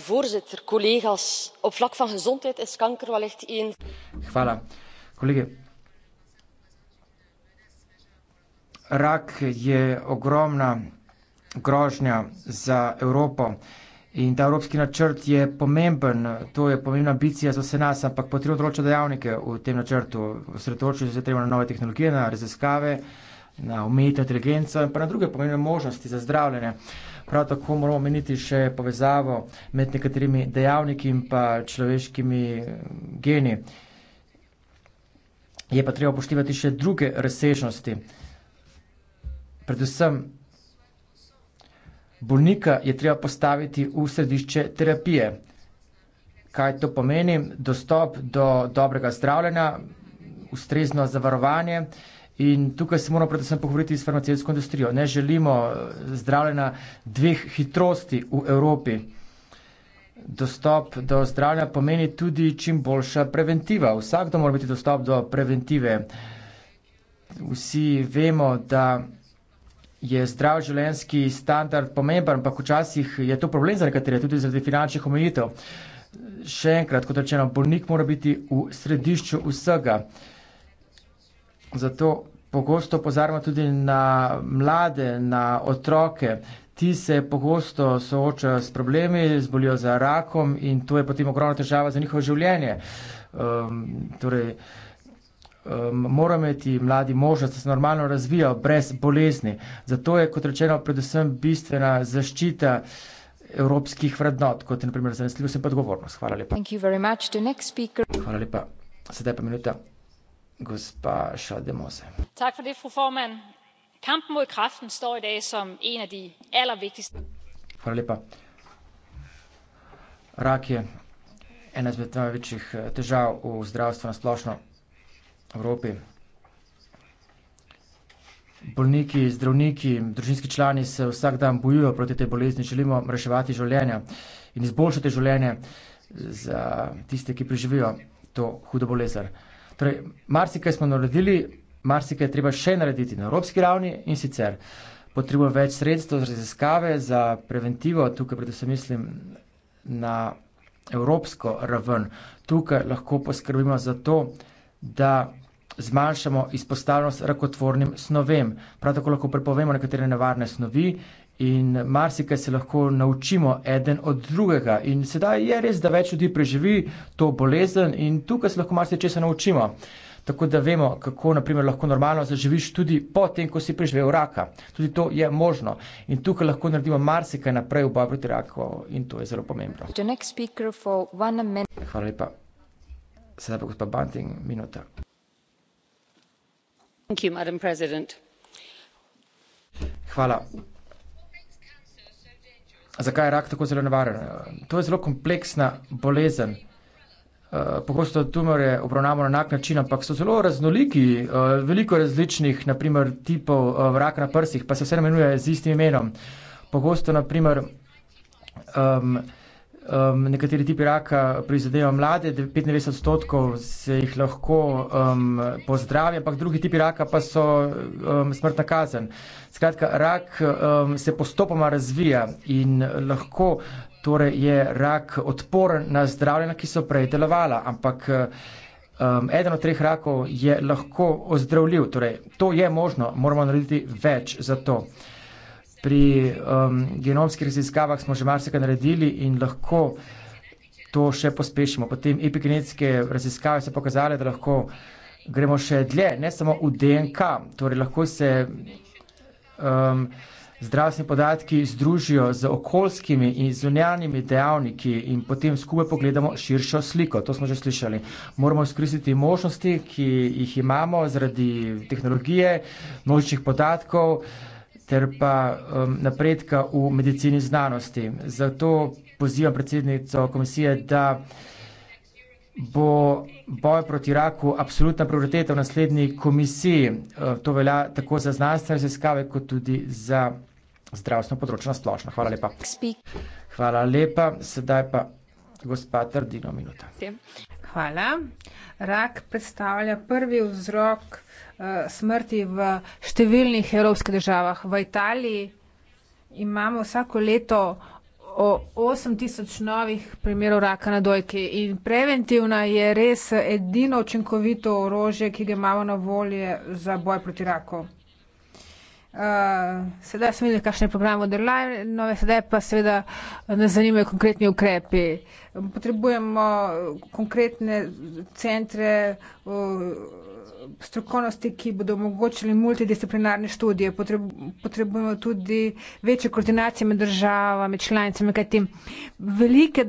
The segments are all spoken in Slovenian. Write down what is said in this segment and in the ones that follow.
voorzitter collega's op vlak van gezondheid is kanker wellicht een. Hvala. Kolege. Rak je ogromna grožnja za Evropo in ta evropski načrt je pomemben, to je pomembna ambicija za vse nas, ampak potrebno določa dejavnike v tem načrtu. Sredotočiti se treba na nove tehnologije, na raziskave, na umetno inteligenco in pa na druge pomembne možnosti za zdravljenje. Uh, Prav tako moramo omeniti še povezavo med nekaterimi dejavniki in pa človeškimi eh, geni. Je pa treba upoštevati še druge razsežnosti. Predvsem bolnika je treba postaviti v središče terapije. Kaj to pomeni? Dostop do dobrega zdravljenja, ustrezno zavarovanje, In tukaj se moramo predvsem pogovoriti s farmacijsko industrijo. Ne želimo eh, zdravljena dveh hitrosti v Evropi. Dostop do zdravljenja pomeni tudi čim boljša preventiva. Vsakdo mora biti dostop do preventive. Vsi vemo, da je zdrav življenjski standard pomemben, ampak včasih je to problem za nekatere, tudi zaradi finančnih omejitev. Še enkrat, kot rečeno, bolnik mora biti v središču vsega. Zato pogosto pozarjamo tudi na mlade, na otroke. Ti se pogosto soočajo s problemi, zbolijo za rakom in to je potem ogromna težava za njihovo življenje. Um, torej, um, moramo imeti mladi možnost, da se normalno razvijajo brez bolezni. Zato je, kot rečeno, predvsem bistvena zaščita evropskih vrednot, kot je naprimer zanesljivost in odgovornost. Hvala lepa. Hvala lepa. Sedaj pa minuta gospa schaldemose. rak je ena izmed največjih eh, težav v zdravstvu na splošno v evropi. Bolniki, zdravniki, družinski člani se vsak dan bojujejo proti tej bolezni, želimo reševati življenja in izboljšati življenje za tiste, ki preživijo to hudo bolezen. Torej, marsikaj smo naredili, marsikaj treba še narediti na evropski ravni in sicer potrebujemo več sredstev za raziskave, za preventivo, tukaj predvsem mislim na evropsko raven. Tukaj lahko poskrbimo za to, da zmanjšamo izpostavljenost rakotvornim snovem. Prav tako lahko prepovemo nekatere nevarne snovi In marsikaj se lahko naučimo eden od drugega. In sedaj je res, da več ljudi preživi to bolezen in tukaj se lahko marsikaj česa naučimo. Tako da vemo, kako naprimer, lahko normalno zaživiš tudi po tem, ko si preživel raka. Tudi to je možno. In tukaj lahko naredimo marsikaj naprej v boju proti raku in to je zelo pomembno. Hvala lepa. Sedaj pa gospod Banting, minuta. Hvala zakaj je rak tako zelo nevaren. To je zelo kompleksna bolezen. Eh, pogosto tumore obravnavamo na enak način, ampak so zelo raznoliki, eh, veliko različnih, naprimer, tipov eh, raka na prsih, pa se vse imenuje z istim imenom. Pogosto, naprimer, um, um, nekateri tipi raka prizadejo mlade, 95 odstotkov se jih lahko um, pozdravi, ampak drugi tipi raka pa so um, smrtna kazen. Skratka, rak um, se postopoma razvija in lahko torej je rak odporen na zdravljena, ki so prej delovala, ampak um, eden od treh rakov je lahko ozdravljiv. Torej, to je možno, moramo narediti več za to pri um, genomskih raziskavah smo že marsikaj naredili in lahko to še pospešimo. Potem epigenetske raziskave so pokazale, da lahko gremo še dlje, ne samo v DNK, torej lahko se um, zdravstveni podatki združijo z okoljskimi in zunjanimi dejavniki in potem skupaj pogledamo širšo sliko. To smo že slišali. Moramo izkoristiti možnosti, ki jih imamo zaradi tehnologije, množičnih podatkov ter pa um, napredka v medicini znanosti. Zato pozivam predsednico komisije, da bo boj proti raku absolutna prioriteta v naslednji komisiji. Uh, to velja tako za znanstvene raziskave, kot tudi za zdravstveno področje na splošno. Hvala lepa. Hvala lepa. Sedaj pa gospa Trdino minuta hvala. Rak predstavlja prvi vzrok uh, smrti v številnih evropskih državah. V Italiji imamo vsako leto 8000 novih primerov raka na dojki in preventivna je res edino učinkovito orožje, ki ga imamo na volje za boj proti raku. Uh, sedaj smo videli, kakšen je program Underline, no, sedaj pa seveda eh, nas zanimajo konkretni ukrepi. Potrebujemo eh, konkretne centre uh, strokovnosti, ki bodo omogočili multidisciplinarne študije. Potrebujemo tudi večjo koordinacijo med državami, članicami, kajti velike,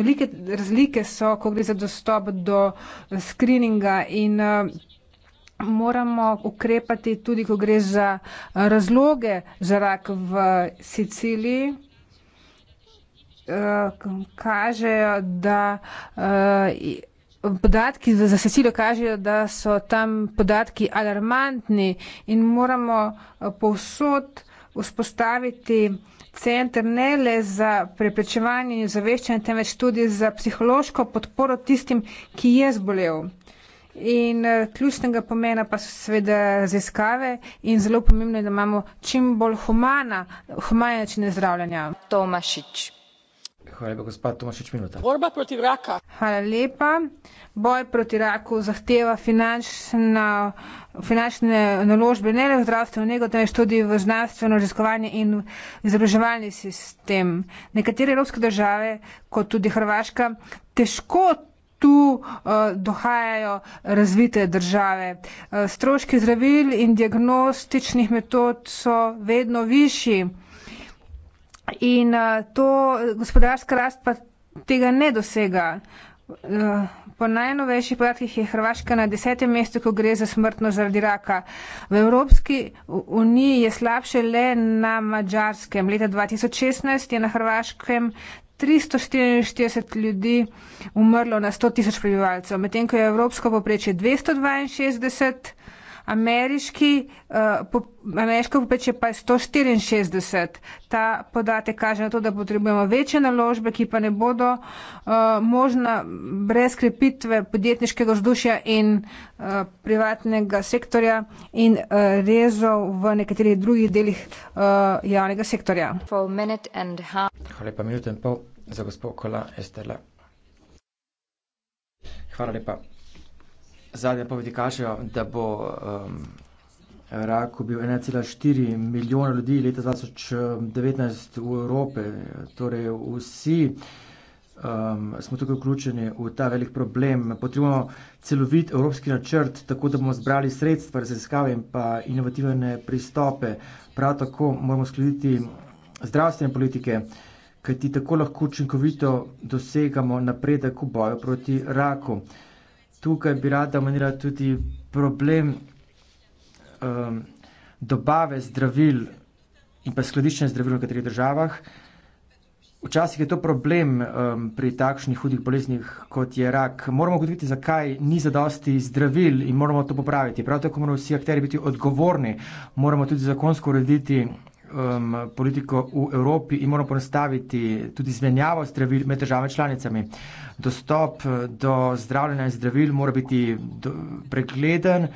velike razlike so, ko gre za dostop do screeninga in. Uh, moramo ukrepati tudi, ko gre za razloge za rak v Siciliji. Eh, kažejo, da eh, podatki za Sicilijo kažejo, da so tam podatki alarmantni in moramo eh, povsod vzpostaviti center ne le za preprečevanje in zaveščanje, temveč tudi za psihološko podporo tistim, ki je zbolel. In eh, ključnega pomena pa so seveda raziskave in zelo pomembno je, da imamo čim bolj humana, humane načine zdravljenja. Tomašič. Hvala lepa, gospod Tomašič Minuta. Borba proti raku. Hvala lepa. Boj proti raku zahteva finančna, finančne naložbe ne le v zdravstveno nego, temveč tudi v znanstveno raziskovanje in izobraževalni sistem. Nekatere evropske države, kot tudi Hrvaška, težko tu eh, dohajajo razvite države. Eh, stroški zdravil in diagnostičnih metod so vedno višji in eh, to gospodarska rast pa tega ne dosega. Po najnovejših podatkih je Hrvaška na desetem mestu, ko gre za smrtnost zaradi raka. V Evropski uniji je slabše le na Mačarskem. Leta 2016 je na Hrvaškem 344 ljudi umrlo na 100 tisoč prebivalcev, medtem ko je evropsko poprečje 262, ameriški, uh, po, ameriško poprečje pa je 164. Ta podatek kaže na to, da potrebujemo večje naložbe, ki pa ne bodo uh, možna brez krepitve podjetniškega vzdušja in uh, privatnega sektorja in uh, rezov v nekaterih drugih delih uh, javnega sektorja. Hvala lepa, minuto in pol za gospo Kola Esterle. Hvala lepa. Zadnje povedi kažejo, da bo um, rak bil 1,4 milijona ljudi leta 2019 v Evropi. Torej vsi um, smo tukaj vključeni v ta velik problem. Potrebujemo celovit evropski načrt, tako da bomo zbrali sredstva, raziskave in pa inovativne pristope. Prav tako moramo skladiti zdravstvene politike ker ti tako lahko učinkovito dosegamo napredek v boju proti raku. Tukaj bi rada omenila tudi problem um, dobave zdravil in pa skladiščenja zdravil v nekaterih državah. Včasih je to problem um, pri takšnih hudih boleznih, kot je rak. Moramo ugotoviti, zakaj ni zadosti zdravil in moramo to popraviti. Prav tako moramo vsi akteri biti odgovorni, moramo tudi zakonsko urediti um, politiko v Evropi in moramo ponastaviti tudi zmenjavo zdravil med državami članicami. Dostop eh, do zdravljenja in zdravil mora biti do, pregleden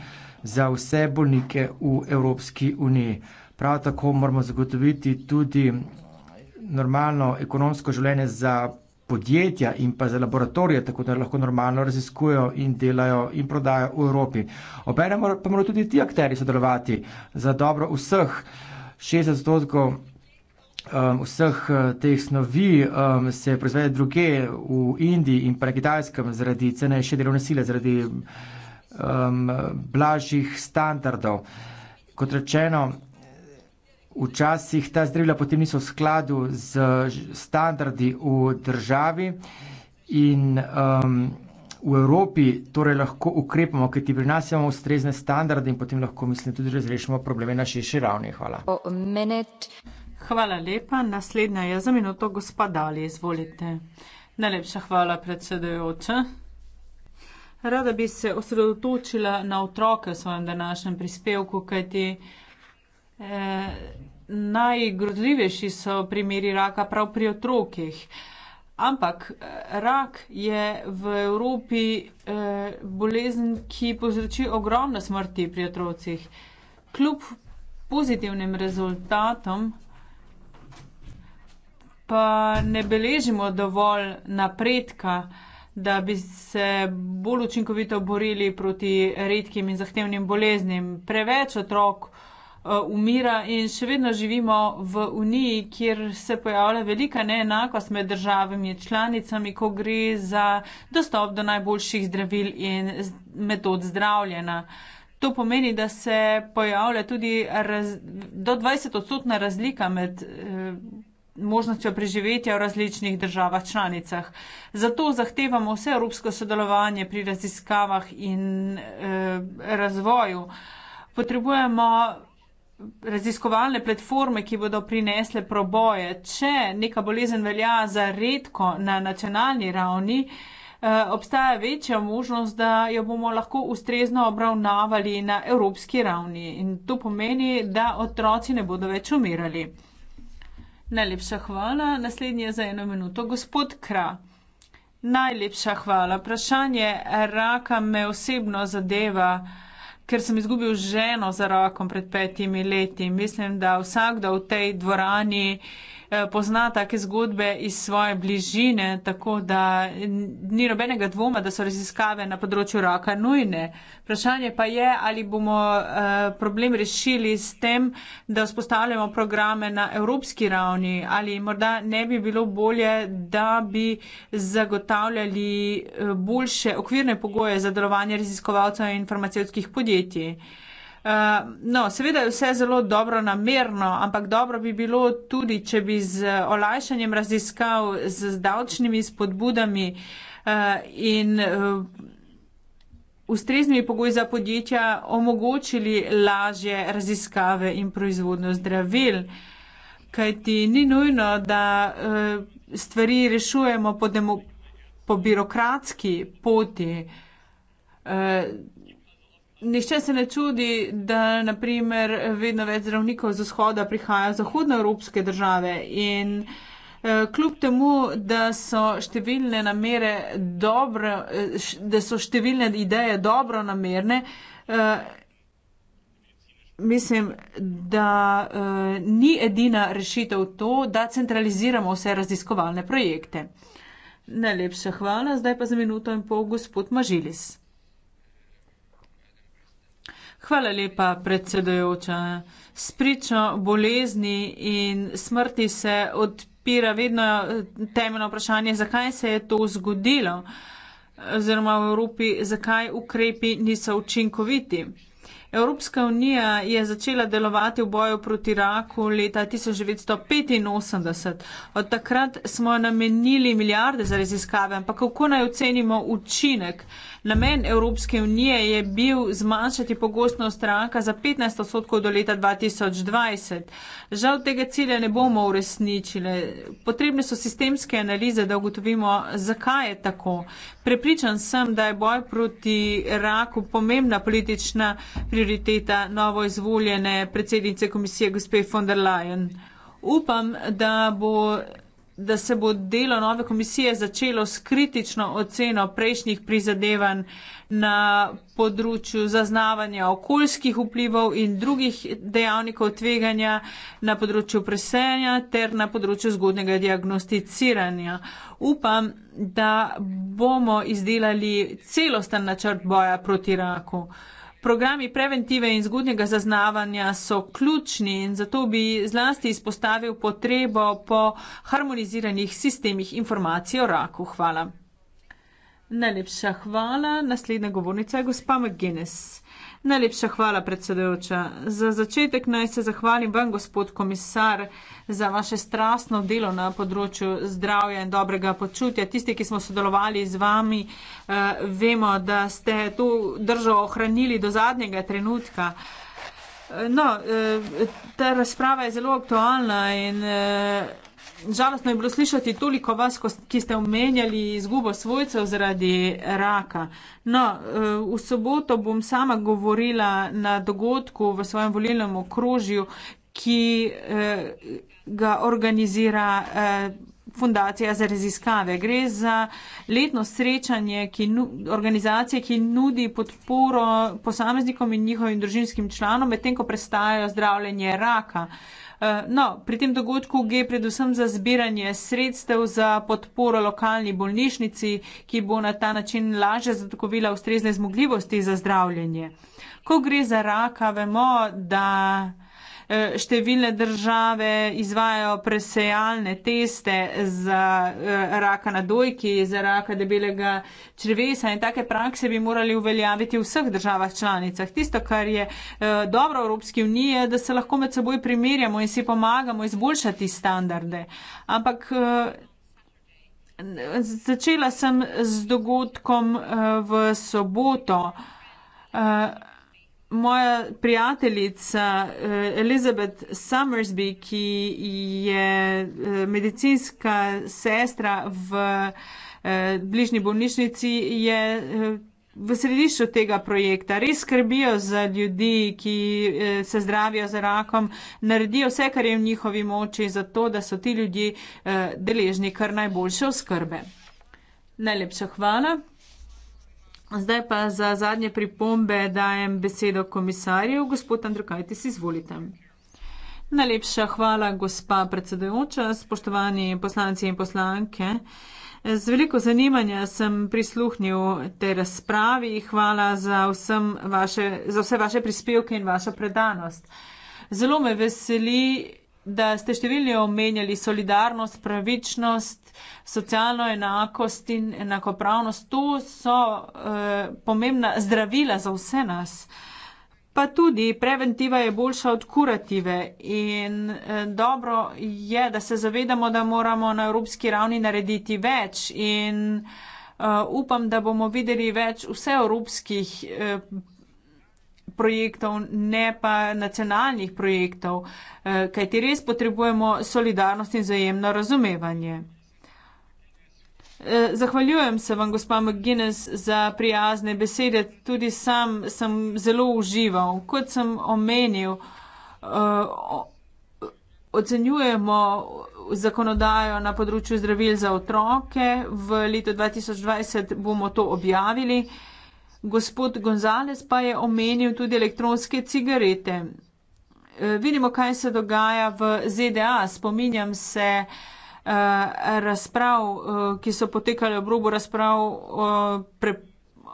za vse bolnike v Evropski uniji. Prav tako moramo zagotoviti tudi normalno ekonomsko življenje za podjetja in pa za laboratorije, tako da lahko normalno raziskujejo in delajo in prodajo v Evropi. Obenem pa morajo tudi ti akteri sodelovati za dobro vseh. Uh, 60 odstotkov um, vseh eh, teh snovi um, se proizvede druge v Indiji in pa na Kitajskem zaradi cenejše delovne sile, zaradi um, blažjih standardov. Kot rečeno, včasih ta zdravila potem niso v skladu z standardi v državi in um, v Evropi torej lahko ukrepamo, kajti pri nas imamo ustrezne standarde in potem lahko, mislim, tudi razrešimo probleme na širši ravni. Hvala. Hvala lepa. Naslednja je za minuto gospa Dali. Izvolite. Najlepša hvala, predsedujoča. Rada bi se osredotočila na otroke v svojem današnjem prispevku, kajti eh, najgrozljivejši so primeri raka prav pri otrokih. Eh, Ampak eh, rak je v Evropi eh, bolezen, ki povzroči ogromno smrti pri otrocih. Kljub pozitivnim rezultatom pa ne beležimo dovolj napredka, da bi se bolj učinkovito borili proti redkim in zahtevnim boleznim. Preveč otrok. Eh, umira in še vedno živimo v Uniji, kjer se pojavlja velika neenakost med državami in članicami, ko gre za dostop do najboljših zdravil in metod zdravljena. To pomeni, da se pojavlja tudi raz, do 20 odstotna razlika med eh, možnostjo preživetja v različnih državah članicah. Zato zahtevamo vse evropsko sodelovanje pri raziskavah in eh, razvoju. Potrebujemo raziskovalne platforme, ki bodo prinesle proboje, če neka bolezen velja za redko na nacionalni ravni, eh, obstaja večja možnost, da jo bomo lahko ustrezno obravnavali na evropski ravni in to pomeni, da otroci ne bodo več umirali. Najlepša hvala. Naslednje za eno minuto. Gospod Kra. Najlepša hvala. Vprašanje raka me osebno zadeva. Uh, ker sem izgubil ženo za rokom pred petimi leti. Mislim, da vsakdo v tej dvorani. Eh, pozna take zgodbe iz svoje bližine, tako da ni nobenega dvoma, da so raziskave na področju raka nujne. Vprašanje pa je, ali bomo eh, problem rešili s tem, da vzpostavljamo programe na evropski ravni, ali morda ne bi bilo bolje, da bi zagotavljali eh, boljše okvirne pogoje za delovanje raziskovalcev in farmacevskih podjetij. Eh, no, seveda je vse zelo dobro namerno, ampak dobro bi bilo tudi, če bi z olajšanjem raziskav, z davčnimi spodbudami uh, in uh, ustreznimi pogoji za podjetja omogočili lažje raziskave in proizvodno zdravil. Kaj ti ni nujno, da uh, stvari rešujemo po, demo, po birokratski poti. Uh, Nišče se ne čudi, da naprimer vedno več zdravnikov z vzhoda prihaja v zahodnoevropske države in eh, kljub temu, da so številne namere dobro, eh, da so številne ideje dobro namerne, eh, mislim, da ni edina rešitev to, da centraliziramo vse raziskovalne projekte. Najlepša hvala, zdaj pa za minuto in pol gospod Mažilis. Hvala lepa, predsedujoča. Spričo bolezni in smrti se odpira vedno eh, temeljno vprašanje, zakaj se je to zgodilo oziroma v Evropi, zakaj ukrepi niso učinkoviti. Evropska unija je začela delovati v boju proti raku leta 1985. Od takrat smo namenili milijarde za raziskave, ampak kako naj ocenimo učinek? Uh, Namen Evropske unije je bil zmanjšati pogostnost raka za 15 odstotkov do leta 2020. Žal tega cilja ne bomo uresničili. Potrebne so sistemske analize, da ugotovimo, zakaj je tako. Prepričan sem, da je boj proti raku pomembna politična prioriteta novo izvoljene predsednice komisije gospe von der Leyen. Upam, da bo da se bo delo nove komisije začelo s kritično oceno prejšnjih prizadevanj na področju zaznavanja okoljskih vplivov in drugih dejavnikov tveganja na področju presenja ter na področju zgodnega diagnosticiranja. Upam, da bomo izdelali celosten načrt boja proti raku. Programi preventive in zgodnjega zaznavanja so ključni in zato bi zlasti izpostavil potrebo po harmoniziranih sistemih informacij o raku. Hvala. Najlepša hvala. Naslednja govornica je gospa McGuinness. Najlepša hvala, predsedujoča. Za začetek naj se zahvalim vam, gospod komisar, za vaše strastno delo na področju zdravja in dobrega počutja. Tisti, ki smo sodelovali z vami, eh, vemo, da ste to držo ohranili do zadnjega trenutka. Eh, no, eh, ta razprava je zelo aktualna in žalostno je bilo slišati toliko vas, ki ste omenjali izgubo svojcev zaradi raka. No, eh, v soboto bom sama govorila na dogodku v svojem volilnem okrožju, ki eh, ga organizira eh, fundacija za raziskave. Gre za letno srečanje ki organizacije, ki nudi podporo posameznikom in njihovim družinskim članom, medtem ko prestajajo zdravljenje raka. Eh, no, pri tem dogodku gre predvsem za zbiranje sredstev za podporo lokalni bolnišnici, ki bo na ta način lažje zagotovila ustrezne zmogljivosti za zdravljenje. Ko gre za raka, vemo, da. Eh, številne države izvajajo presejalne teste za eh, raka na dojki, za raka debelega črvesa in take prakse bi morali uveljaviti v vseh državah članicah. Tisto, kar je eh, dobro v Evropski uniji, je, da se lahko med seboj primerjamo in si pomagamo izboljšati standarde. Ampak začela sem z dogodkom v soboto moja prijateljica eh, Elizabeth Summersby, ki je eh, medicinska sestra v eh, bližnji bolnišnici, je v središču tega projekta. Res skrbijo za ljudi, ki se zdravijo za rakom, naredijo vse, kar je v njihovi moči, zato da so ti ljudje deležni kar najboljše oskrbe. Najlepša hvala. Zdaj pa za zadnje pripombe dajem besedo komisarju. Gospod Andrukajtis, izvolite. Najlepša hvala, gospa predsedujoča, spoštovani poslanci in poslanke. Z veliko zanimanja sem prisluhnil tej razpravi. Hvala za, vaše, za vse vaše prispevke in vašo predanost. Zelo me veseli, da ste številni omenjali solidarnost, pravičnost, socialno enakost in enakopravnost. To so eh, pomembna zdravila za vse nas. Pa tudi preventiva je boljša od kurative in eh, dobro je, da se zavedamo, da moramo na evropski ravni narediti več in eh, upam, da bomo videli več vse evropskih. Eh, projektov, ne pa nacionalnih projektov, eh, kajti res potrebujemo solidarnost in zajemno razumevanje. Eh, zahvaljujem se vam, gospa McGuinness, za prijazne besede. Tudi sam sem zelo užival. Kot sem omenil, eh, ocenjujemo zakonodajo na področju zdravil za otroke. V letu 2020 bomo to objavili. Gospod Gonzales pa je omenil tudi elektronske cigarete. E, vidimo, kaj se dogaja v ZDA. Spominjam se e, razprav, e, ki so potekale ob robu razprav o, pre,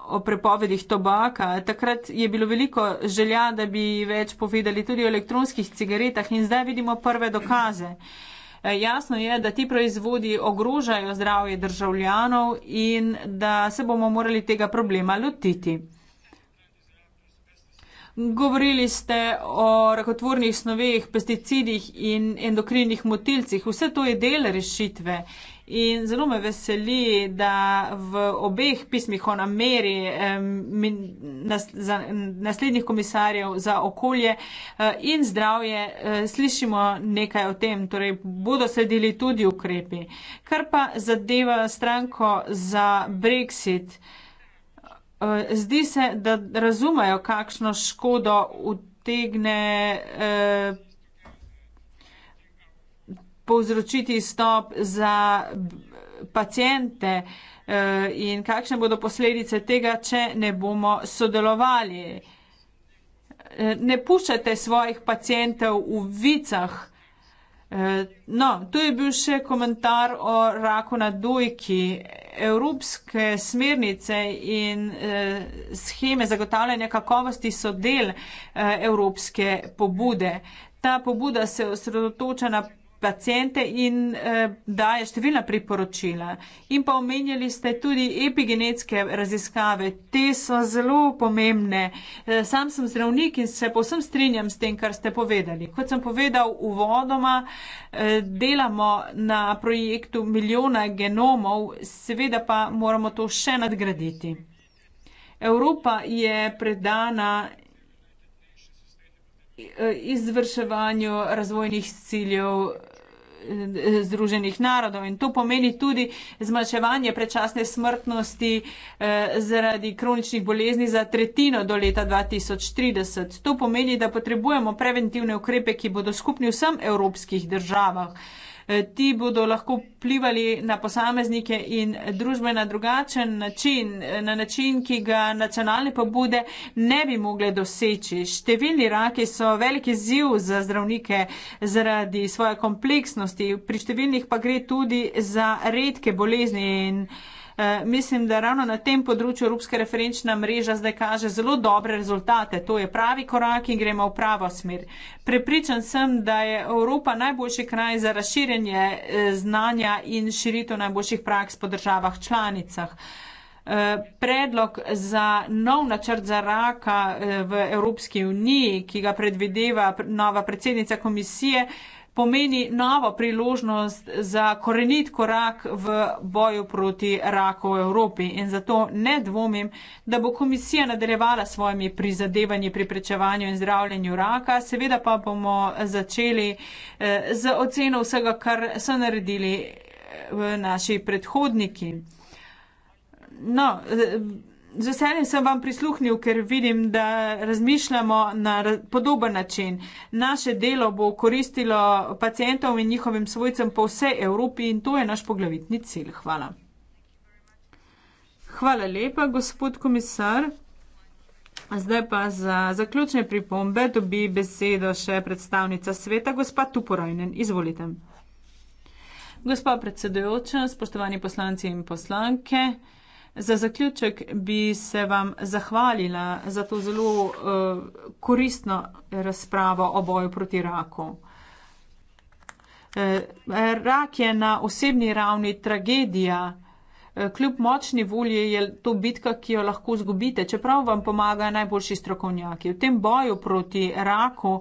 o prepovedih tobaka. Takrat je bilo veliko želja, da bi več povedali tudi o elektronskih cigaretah in zdaj vidimo prve dokaze. Eh, jasno je, da ti proizvodi ogrožajo zdravje državljanov in da se bomo morali tega problema lotiti. Govorili ste o rakotvornih snovih, pesticidih in endokrinih motilcih. Vse to je del rešitve In zelo me veseli, da v obeh pismih o nameri um, nas, za, naslednjih komisarjev za okolje uh, in zdravje uh, slišimo nekaj o tem, torej bodo sledili tudi ukrepi. Kar pa zadeva stranko za Brexit, uh, zdi se, da razumejo, kakšno škodo utegne. Uh, povzročiti stop za pacijente eh, in kakšne bodo posledice tega, če ne bomo sodelovali. Eh, ne puščate svojih pacijentov v vicah. Eh, no, tu je bil še komentar o raku na dojki. Evropske smernice in scheme zagotavljanja kakovosti so del Evropske pobude. Ta pobuda se osredotoča na pacijente in eh, daje številna priporočila. In pa omenjali ste tudi epigenetske raziskave, te so zelo pomembne. Eh, sam sem zdravnik in se povsem strinjam s tem, kar ste povedali. Kot sem povedal uvodoma, eh, delamo na projektu milijona genomov, seveda pa moramo to še nadgraditi. Evropa je predana eh, izvrševanju razvojnih ciljev Združenih narodov in to pomeni tudi zmanjševanje predčasne smrtnosti eh, zaradi kroničnih bolezni za tretjino do leta 2030. To pomeni, da potrebujemo preventivne ukrepe, ki bodo skupni vsem evropskih državah. Eh, ti bodo lahko vplivali na posameznike in družbe na drugačen način, eh, na način, ki ga nacionalne pobude ne bi mogle doseči. Številni raki so veliki ziv za zdravnike zaradi svoje kompleksnosti, pri številnih pa gre tudi za redke bolezni in Eh, mislim, da ravno na tem področju Evropska referenčna mreža zdaj kaže zelo dobre rezultate. To je pravi korak in gremo v pravo smer. Prepričan sem, da je Evropa najboljši kraj za razširjanje eh, znanja in širitev najboljših praks po državah članicah. Eh, predlog za nov načrt za raka v Evropski uniji, ki ga predvideva nova predsednica komisije, pomeni novo priložnost za korenit korak v boju proti raku v Evropi in zato ne dvomim, da bo komisija nadaljevala svojimi prizadevanji pri prečevanju in zdravljenju raka, seveda pa bomo začeli eh, z oceno vsega, kar so naredili eh, naši predhodniki. No, eh, z veseljem sem vam prisluhnil, ker vidim, da razmišljamo na podoben način. Naše delo bo koristilo pacijentom in njihovim svojcem po vsej Evropi in to je naš poglavitni cilj. Hvala. Hvala lepa, gospod komisar. Zdaj pa za zaključne pripombe dobi besedo še predstavnica sveta, gospa Tuporajnen. Izvolite. Gospa predsedujoča, spoštovani poslanci in poslanke. Za zaključek bi se vam zahvalila za to zelo uh, koristno razpravo o boju proti raku. Uh, rak je na osebni ravni tragedija. Eh, kljub močni volji je to bitka, ki jo lahko zgubite, čeprav vam pomagajo najboljši strokovnjaki. V tem boju proti raku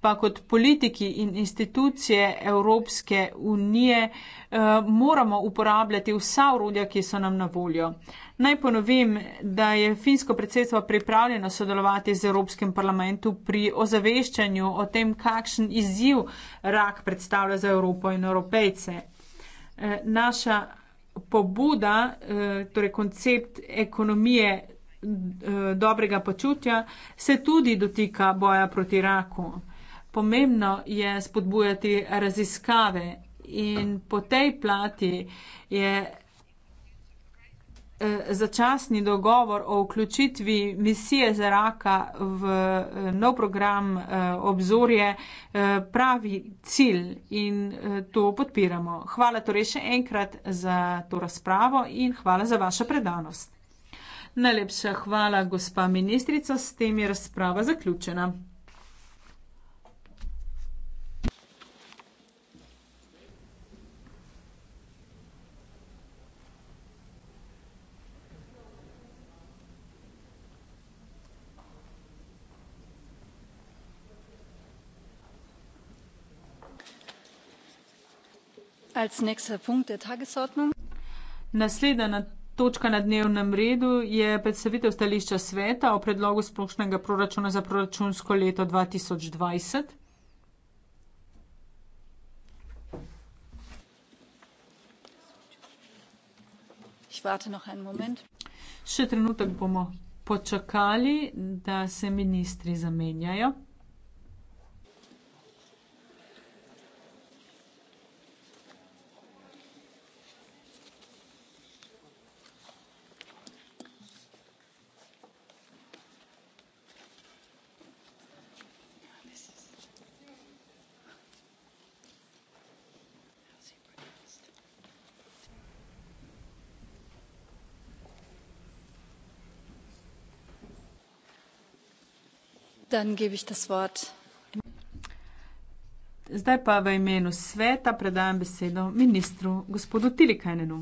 pa kot politiki in institucije Evropske unije eh, moramo uporabljati vsa urodja, ki so nam na voljo. Naj ponovim, da je finsko predsedstvo pripravljeno sodelovati z Evropskim parlamentom pri ozaveščanju o tem, kakšen izziv rak predstavlja za Evropo in evropejce. Eh, naša pobuda, eh, torej koncept ekonomije eh, dobrega počutja, se tudi dotika boja proti raku. Pomembno je spodbujati raziskave in po tej plati je Eh, začasni dogovor o vključitvi misije za raka v eh, nov program eh, obzorje pravi cilj in to podpiramo. Hvala torej še enkrat za to razpravo in hvala za vašo predanost. Najlepša hvala, gospa ministrica, s tem je razprava zaključena. Naslednja točka na dnevnem redu je predstavitev stališča sveta o predlogu splošnega proračuna za proračunsko leto dva tisoč dvajset. Še trenutek bomo počakali, da se ministri zamenjajo. Zdaj pa v imenu sveta predajam besedo ministru, gospodu Tilikainenu.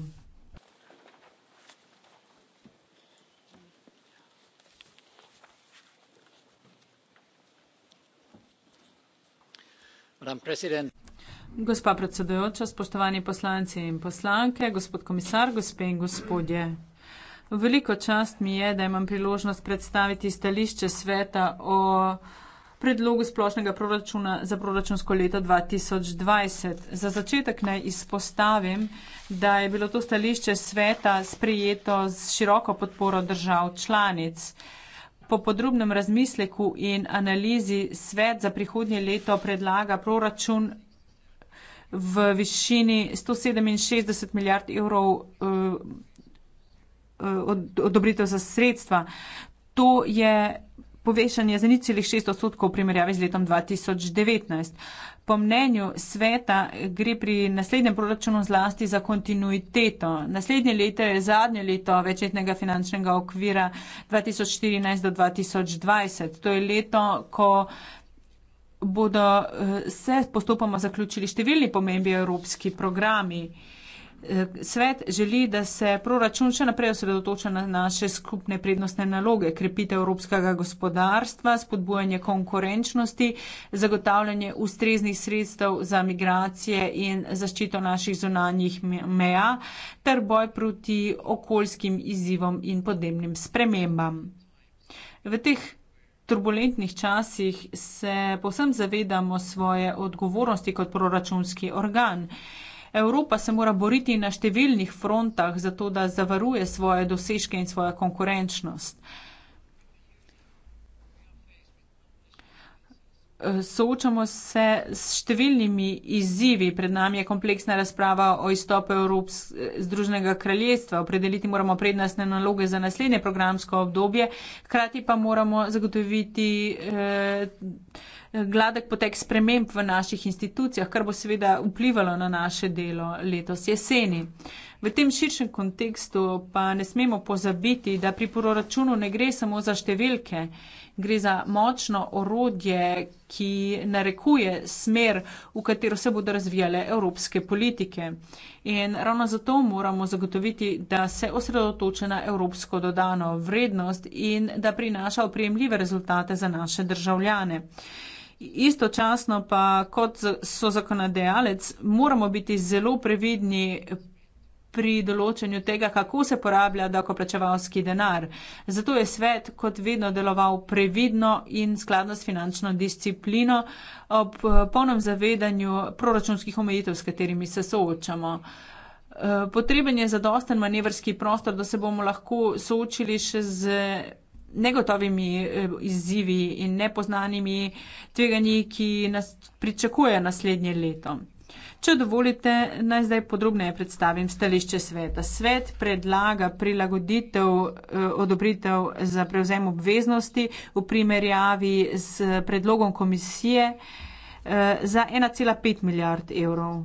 Gospa predsedujoča, spoštovani poslanci in poslanke, gospod komisar, gospe in gospodje. Veliko čast mi je, da imam priložnost predstaviti stališče sveta o predlogu splošnega proračuna za proračunsko leto 2020. Za začetek naj izpostavim, da je bilo to stališče sveta sprejeto z široko podporo držav članic. Po podrobnem razmisleku in analizi svet za prihodnje leto predlaga proračun v višini 167 milijard evrov. Uh, Eh, odobritev za sredstva. To je povešanje za ničelih šest odstotkov v primerjavi z letom 2019. Po mnenju sveta gre pri naslednjem proračunu zlasti za kontinuiteto. Naslednje leto je zadnje leto večletnega finančnega okvira 2014 do 2020. To je leto, ko bodo eh, se postopoma zaključili številni pomembni evropski programi. Eh, svet želi, da se proračun še naprej osredotoča na naše skupne prednostne naloge, krepitev evropskega gospodarstva, spodbujanje konkurenčnosti, zagotavljanje ustreznih sredstev za migracije in zaščito naših zunanjih meja ter boj proti okoljskim izzivom in podnebnim spremembam. V teh turbulentnih časih se povsem zavedamo svoje odgovornosti kot proračunski organ. Evropa se mora boriti na številnih frontah za to, da zavaruje svoje dosežke in svojo konkurenčnost. soočamo se s številnimi izzivi. Pred nami je kompleksna razprava o izstopu Združenega kraljestva. Opredeliti moramo prednostne naloge za naslednje programsko obdobje, hkrati pa moramo zagotoviti eh, gladek potek sprememb v naših institucijah, kar bo seveda vplivalo na naše delo letos jeseni. Eh, V tem širšem kontekstu pa ne smemo pozabiti, da pri proračunu ne gre samo za številke, gre za močno orodje, ki narekuje smer, v katero se bodo razvijale evropske politike. In ravno zato moramo zagotoviti, da se osredotoča na evropsko dodano vrednost in da prinaša opremljive rezultate za naše državljane. Istočasno pa, kot so zakonodajalec, moramo biti zelo previdni pri določanju tega, kako se porablja dokoplačevalski denar. Zato je svet kot vedno deloval previdno in skladno s finančno disciplino ob eh, polnem zavedanju proračunskih omejitev, s katerimi se soočamo. Eh, potreben je zadosten manevrski prostor, da se bomo lahko soočili še z negotovimi eh, izzivi in nepoznanimi tveganji, ki nas pričakuje naslednje leto. Če dovolite, naj zdaj podrobneje predstavim stališče sveta. Svet predlaga prilagoditev eh, odobritev za prevzem obveznosti v primerjavi s predlogom komisije eh, za 1,5 milijard evrov.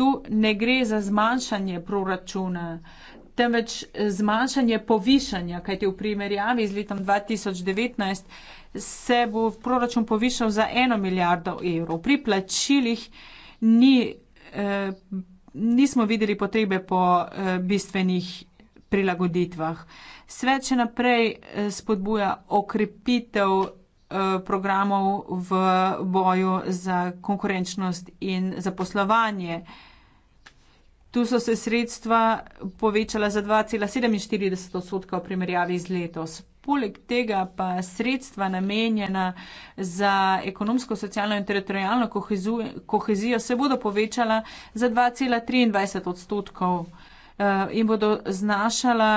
Tu ne gre za zmanjšanje proračuna, temveč zmanjšanje povišanja, kajti v primerjavi z letom 2019 se bo proračun povišal za 1 milijardo evrov. Pri plačilih ni, eh, nismo videli potrebe po eh, bistvenih prilagoditvah. Svet še naprej eh, spodbuja okrepitev eh, programov v boju za konkurenčnost in zaposlovanje. Tu so se sredstva povečala za 2,47 odstotka v primerjavi z letos poleg tega pa sredstva namenjena za ekonomsko, socialno in teritorijalno kohezijo se bodo povečala za 2,23 odstotkov eh, in bodo znašala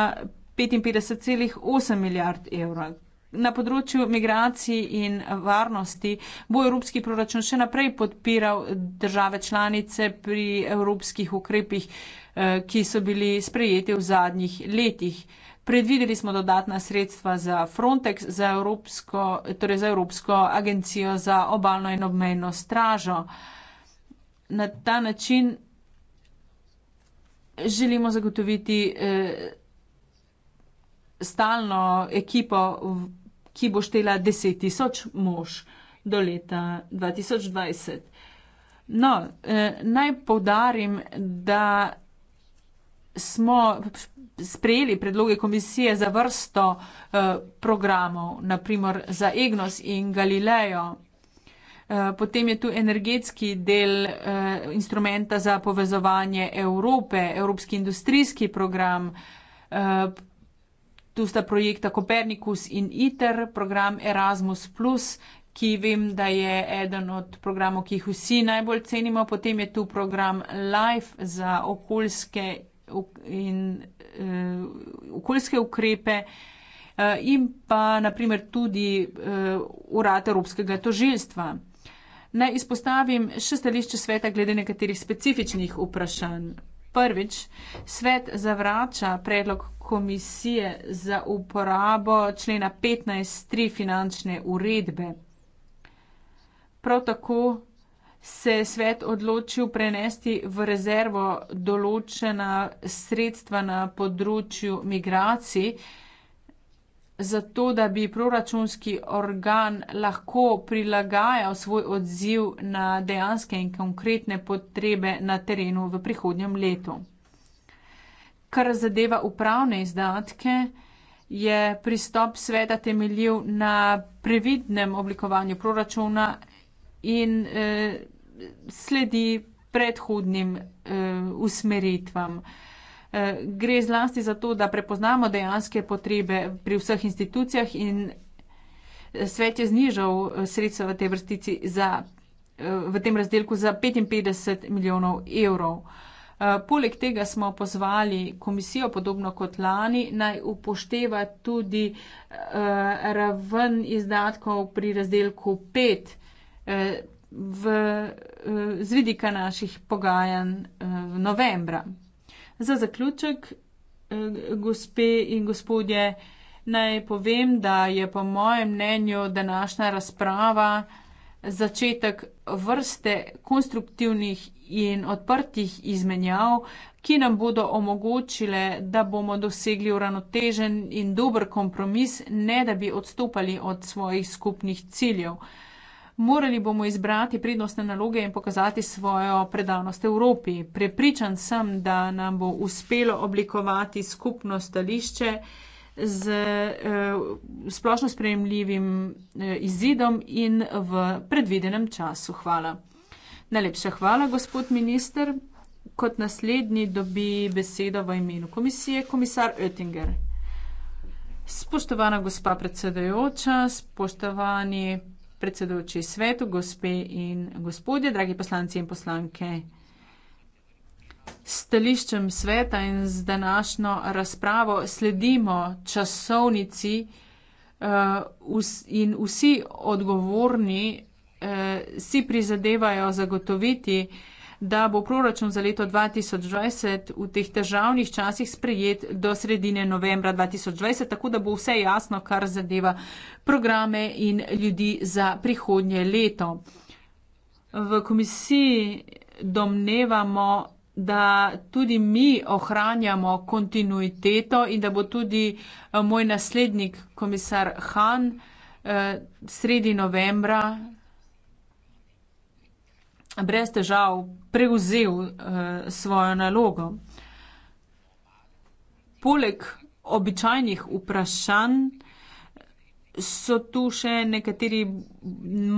55,8 milijard evra. Na področju migracij in varnosti bo evropski proračun še naprej podpiral države članice pri evropskih ukrepih, eh, ki so bili sprejeti v zadnjih letih. Predvideli smo dodatna sredstva za Frontex, za Evropsko, torej za Evropsko agencijo za obalno in obmejno stražo. Na ta način želimo zagotoviti eh, stalno ekipo, ki bo štela 10 tisoč mož do leta 2020. No, eh, naj povdarim, da smo sprejeli predloge komisije za vrsto eh, programov, naprimer za EGNOS in Galilejo. Eh, potem je tu energetski del eh, instrumenta za povezovanje Evrope, Evropski industrijski program, tu sta projekta Kopernikus in ITER, program Erasmus, ki vem, da je eden od programov, ki jih vsi najbolj cenimo. Potem je tu program LIFE za okoljske in uh, okoljske ukrepe uh, in pa naprimer tudi uh, urad Evropskega tožilstva. Naj izpostavim še stališče sveta glede nekaterih specifičnih vprašanj. Prvič, svet zavrača predlog komisije za uporabo člena 15.3 finančne uredbe. Prav tako se je svet odločil prenesti v rezervo določena sredstva na področju migracij, zato da bi proračunski organ lahko prilagajal svoj odziv na dejanske in konkretne potrebe na terenu v prihodnjem letu. Kar zadeva upravne izdatke, je pristop sveta temeljil na previdnem oblikovanju proračuna in uh, sledi predhodnim uh, usmeritvam. Eh, gre zlasti za to, da prepoznamo dejanske potrebe pri vseh institucijah in svet je znižal sredstva v, za, v tem razdelku za 55 milijonov evrov. Poleg tega smo pozvali komisijo, podobno kot lani, naj upošteva tudi raven izdatkov pri razdelku 5 v, z vidika naših pogajanj eh, v novembra. Za zaključek, eh, gospe in gospodje, naj povem, da je po mojem mnenju današnja razprava začetek vrste konstruktivnih in odprtih izmenjav, ki nam bodo omogočile, da bomo dosegli uravnotežen in dober kompromis, ne da bi odstopali od svojih skupnih ciljev. Morali bomo izbrati prednostne naloge in pokazati svojo predanost Evropi. Prepričan sem, da nam bo uspelo oblikovati skupno stališče z eh, splošno sprejemljivim eh, izidom in v predvidenem času. Hvala. Najlepša hvala, gospod minister. Kot naslednji dobi besedo v imenu komisije komisar Oettinger. Spoštovana gospa predsedajoča, spoštovani predsedujoči svetu, gospe in gospodje, dragi poslanci in poslanke. S stališčem sveta in z današnjo razpravo sledimo časovnici eh, in vsi odgovorni eh, si prizadevajo zagotoviti, da bo proračun za leto 2020 v teh težavnih časih sprejet do sredine novembra 2020, tako da bo vse jasno, kar zadeva programe in ljudi za prihodnje leto. V komisiji domnevamo, da tudi mi ohranjamo kontinuiteto in da bo tudi eh, moj naslednik, komisar Han, eh, sredi novembra brez težav prevzel eh, svojo nalogo. Poleg običajnih vprašanj so tu še nekateri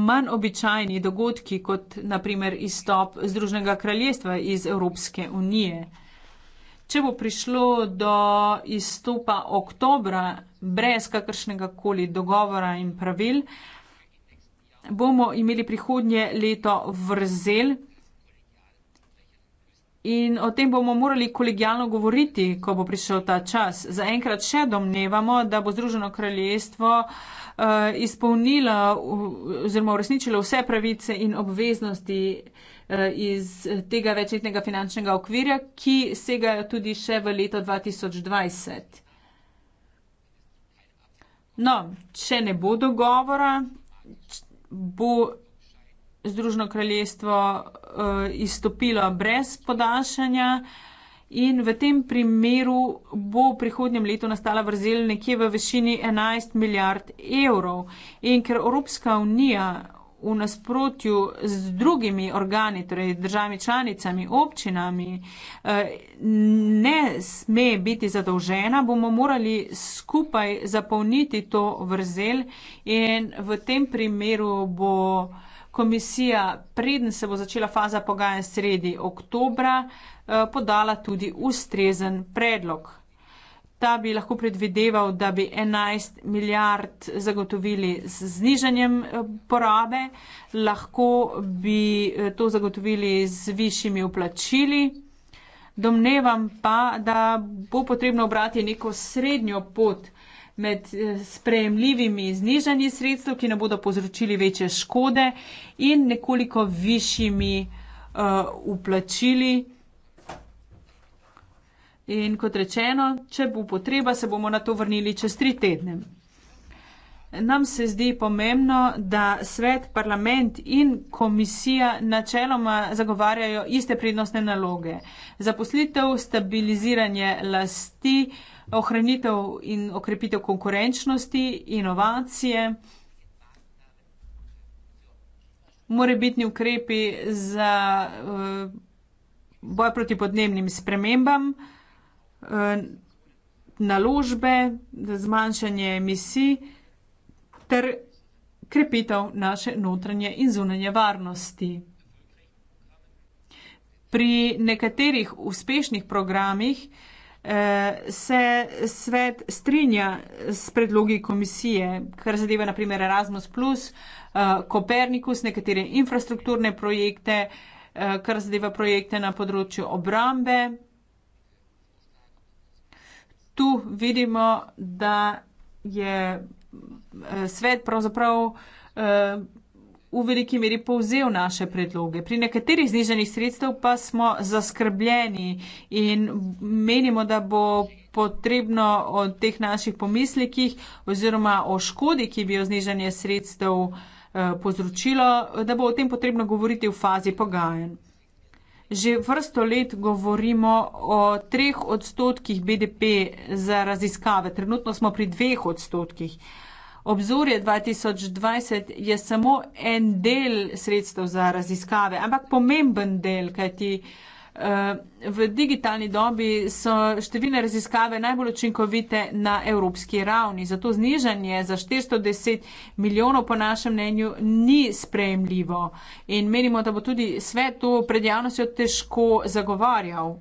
manj običajni dogodki, kot naprimer izstop Združenega kraljestva iz Evropske unije. Če bo prišlo do izstopa oktobra brez kakršnega koli dogovora in pravil, bomo imeli prihodnje leto vrzel. In o tem bomo morali kolegijalno govoriti, ko bo prišel ta čas. Zaenkrat še domnevamo, da bo Združeno kraljestvo eh, izpolnilo oziroma uresničilo vse pravice in obveznosti eh, iz tega večletnega finančnega okvirja, ki segajo tudi še v leto 2020. No, če ne bo dogovora, bo Združeno kraljestvo uh, izstopilo brez podaljšanja in v tem primeru bo v prihodnjem letu nastala vrzel nekje v višini 11 milijard evrov. In ker Evropska unija v nasprotju z drugimi organi, torej državami članicami, občinami, eh, ne sme biti zadolžena, bomo morali skupaj zapolniti to vrzel in v tem primeru bo komisija, preden se bo začela faza pogajanj sredi oktobra, eh, podala tudi ustrezen predlog ta bi lahko predvideval, da bi 11 milijard zagotovili z znižanjem eh, porabe, lahko bi eh, to zagotovili z višjimi uplačili. Domnevam pa, da bo potrebno obrati neko srednjo pot med eh, sprejemljivimi znižanji sredstev, ki ne bodo povzročili večje škode in nekoliko višjimi uh, uplačili. In kot rečeno, če bo potreba, se bomo na to vrnili čez tri tedne. Nam se zdi pomembno, da svet, parlament in komisija načeloma zagovarjajo iste prednostne naloge. Zaposlitev, stabiliziranje lasti, ohranitev in okrepitev konkurenčnosti, inovacije, morebitni ukrepi za uh, boj proti podnebnim spremembam. Uh, Eh, naložbe, zmanjšanje emisij ter krepitev naše notranje in zunanje varnosti. Pri nekaterih uspešnih programih eh, se svet strinja s predlogi komisije, kar zadeva naprimer Erasmus+, eh, Kopernikus, nekatere infrastrukturne projekte, kar zadeva projekte na področju obrambe tu vidimo, da je eh, svet pravzaprav eh, v veliki meri povzel naše predloge. Pri nekaterih znižanih sredstev pa smo zaskrbljeni in menimo, da bo potrebno o teh naših pomislikih oziroma o škodi, ki bi jo znižanje sredstev eh, povzročilo, da bo o tem potrebno govoriti v fazi pogajanj že vrsto let govorimo o treh odstotkih BDP za raziskave. Trenutno smo pri dveh odstotkih. Obzorje 2020 je samo en del sredstev za raziskave, ampak pomemben del, kajti uh, V digitalni dobi so številne raziskave najbolj učinkovite na evropski ravni, zato znižanje za 410 milijonov po našem mnenju ni sprejemljivo in menimo, da bo tudi svet to pred javnostjo težko zagovarjal.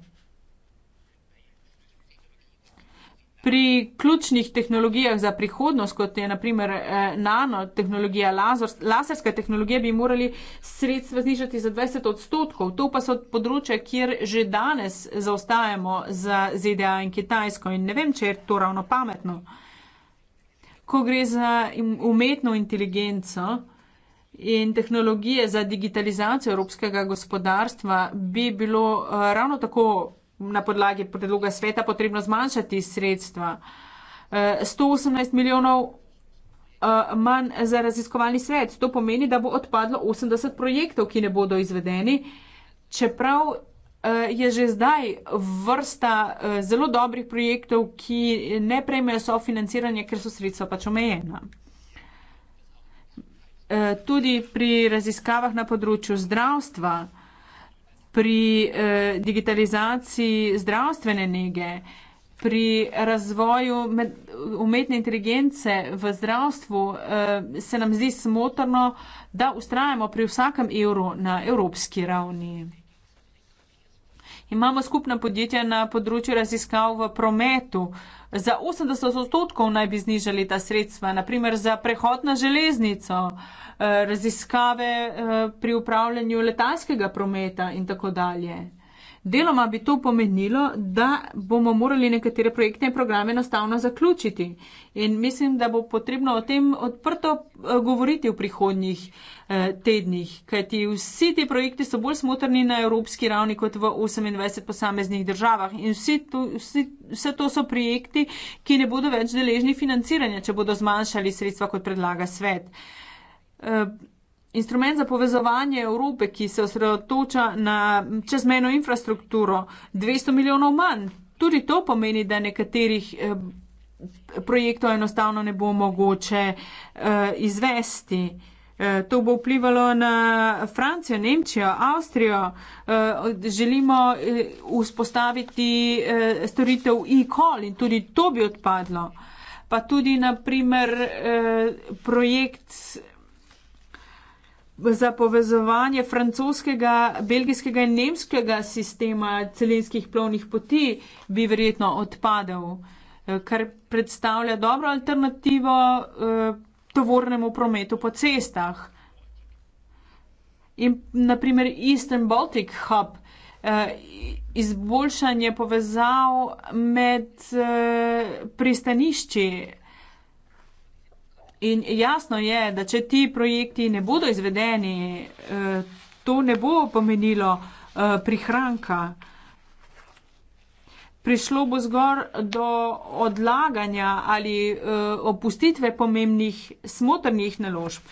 pri ključnih tehnologijah za prihodnost, kot je naprimer eh, nanotehnologija, lazor, laserska tehnologija, bi morali sredstva znižati za 20 odstotkov. To pa so področja, kjer že danes zaostajamo za ZDA in Kitajsko in ne vem, če je to ravno pametno. Ko gre za umetno inteligenco in tehnologije za digitalizacijo evropskega gospodarstva, bi bilo eh, ravno tako na podlagi predloga sveta potrebno zmanjšati sredstva. 118 eh, milijonov eh, manj za raziskovalni svet. To pomeni, da bo odpadlo 80 projektov, ki ne bodo izvedeni, čeprav eh, je že zdaj vrsta zelo dobrih projektov, ki ne prejmejo sofinanciranje, ker so sredstva pač omejena. Tudi pri raziskavah na področju zdravstva pri eh, digitalizaciji zdravstvene nege, pri razvoju med, umetne inteligence v zdravstvu, eh, se nam zdi smotrno, da ustrajamo pri vsakem evru na evropski ravni. Imamo skupna podjetja na področju raziskav v prometu, eh, Za 80 odstotkov naj bi znižali ta sredstva, naprimer za prehod na železnico, eh, raziskave eh, pri upravljanju letalskega prometa in tako dalje. Deloma bi to pomenilo, da bomo morali nekatere projektne programe enostavno zaključiti. In mislim, da bo potrebno o tem odprto eh, govoriti v prihodnjih eh, tednih, kajti vsi ti projekti so bolj smotrni na evropski ravni kot v 28 posameznih državah. In vsi to, vsi, vse to so projekti, ki ne bodo več deležni financiranja, če bodo zmanjšali sredstva, kot predlaga svet. Eh, Instrument za povezovanje Evrope, ki se osredotoča na čezmeno infrastrukturo, 200 milijonov manj. Tudi to pomeni, da nekaterih eh, projektov enostavno ne bo mogoče eh, izvesti. Eh, to bo vplivalo na Francijo, Nemčijo, Avstrijo. Želimo vzpostaviti storitev e-call in tudi to bi odpadlo. Pa tudi, naprimer, projekt za povezovanje francoskega, belgijskega in nemškega sistema celinskih plovnih poti bi verjetno odpadel, eh, kar predstavlja dobro alternativo eh, tovornemu prometu po cestah. In naprimer Eastern Baltic Hub. Eh, izboljšanje povezav med pristanišči In jasno je, da če ti projekti ne bodo izvedeni, eh, to ne bo pomenilo eh, prihranka. Prišlo bo zgor do odlaganja ali eh, opustitve pomembnih smotrnih naložb.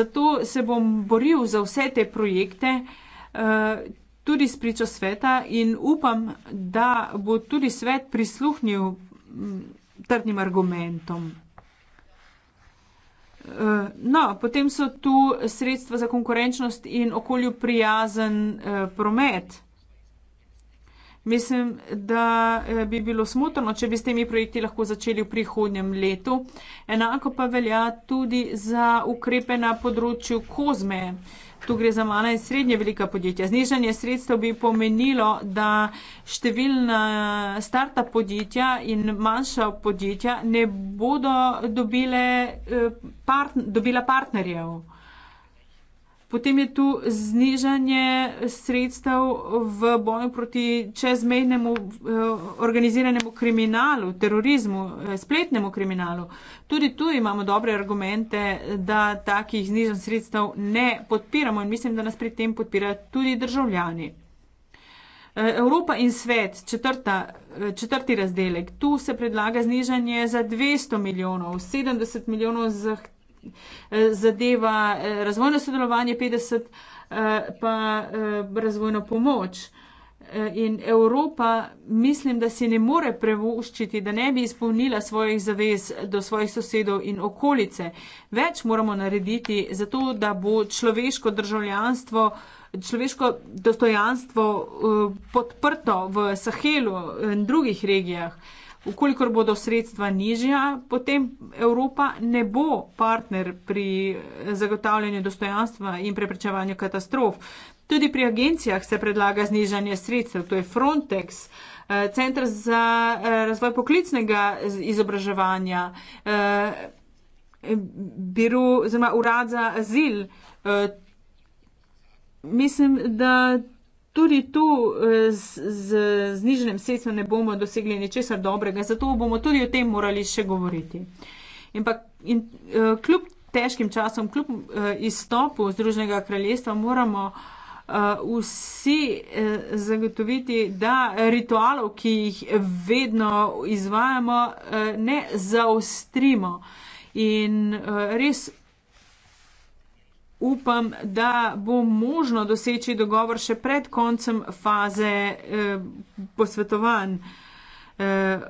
Zato se bom boril za vse te projekte, tudi s pričo sveta in upam, da bo tudi svet prisluhnil mm, trdnim argumentom. Eh, no, potem so tu sredstva za konkurenčnost in okolju prijazen eh, promet. Mislim, da eh, bi bilo smotrno, če bi s temi projekti lahko začeli v prihodnjem letu. Enako pa velja tudi za ukrepe na področju kozme. Uh, Tu gre za mala in srednje velika podjetja. Znižanje sredstev bi pomenilo, da številna starta podjetja in manjša podjetja ne bodo dobile, eh, part, dobila partnerjev. Potem je tu znižanje sredstev v boju proti čezmejnemu eh, organiziranemu kriminalu, terorizmu, eh, spletnemu kriminalu. Tudi tu imamo dobre argumente, da takih znižanj sredstev ne podpiramo in mislim, da nas pri tem podpira tudi državljani. Eh, Evropa in svet, četrta, četrti razdelek, tu se predlaga znižanje za 200 milijonov, 70 milijonov zahtev. Eh, zadeva eh, razvojno sodelovanje, 50 eh, pa razvojno pomoč. In Evropa, mislim, da si ne more prevoščiti, da ne bi izpolnila svojih zavez do svojih sosedov in okolice. Več moramo narediti za to, da bo človeško državljanstvo, človeško dostojanstvo podprto v Sahelu in drugih regijah. Ukolikor bodo sredstva nižja, potem Evropa ne bo partner pri zagotavljanju dostojanstva in preprečevanju katastrof. Tudi pri agencijah se predlaga znižanje sredstev, to je Frontex, eh, Centr za eh, razvoj poklicnega izobraževanja, eh, biru, urad za azil. Mislim, da tudi tu eh, z zniženim sredstvom ne bomo dosegli ničesar dobrega, zato bomo tudi o tem morali še govoriti. In pa, in, uh, kljub težkim časom, kljub uh, izstopu Združenega kraljestva, moramo uh, vsi uh, zagotoviti, da ritualov, ki jih vedno izvajamo, uh, ne zaostrimo. In uh, res upam, da bo možno doseči dogovor še pred koncem faze eh, posvetovanj. Eh,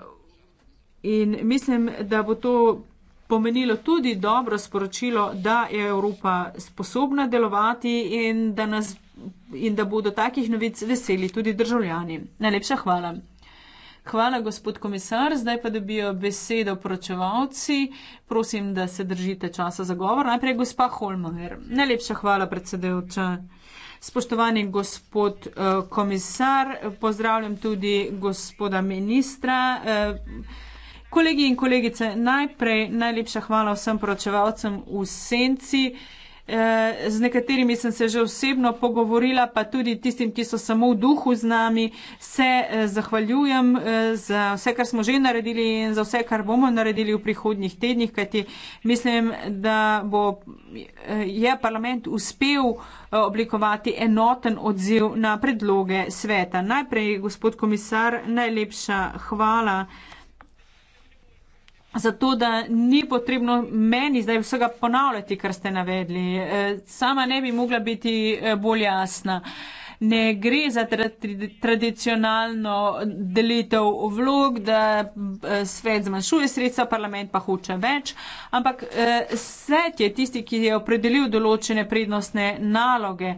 in mislim, da bo to. Pomenilo tudi dobro sporočilo, da je Evropa sposobna delovati in da, nas, in da bodo takih novic veseli tudi državljani. Najlepša hvala. Hvala, gospod komisar. Zdaj pa dobijo besedo poročevalci. Prosim, da se držite časa za govor. Najprej gospa Holmer. Najlepša hvala, predsedevča. Spoštovani gospod eh, komisar, pozdravljam tudi gospoda ministra. Eh, kolegi in kolegice, najprej najlepša hvala vsem poročevalcem v senci. Eh, z nekaterimi sem se že osebno pogovorila, pa tudi tistim, ki so samo v duhu z nami, se eh, zahvaljujem eh, za vse, kar smo že naredili in za vse, kar bomo naredili v prihodnjih tednih, kajti mislim, da bo, je parlament uspel oblikovati enoten odziv na predloge sveta. Najprej, gospod komisar, najlepša hvala. Zato, da ni potrebno meni zdaj vsega ponavljati, kar ste navedli. E, sama ne bi mogla biti e, bolj jasna. Ne gre za tradicionalno delitev vlog, da e, svet zmanjšuje sredstva, parlament pa hoče več, ampak svet je tisti, ki je opredelil določene prednostne naloge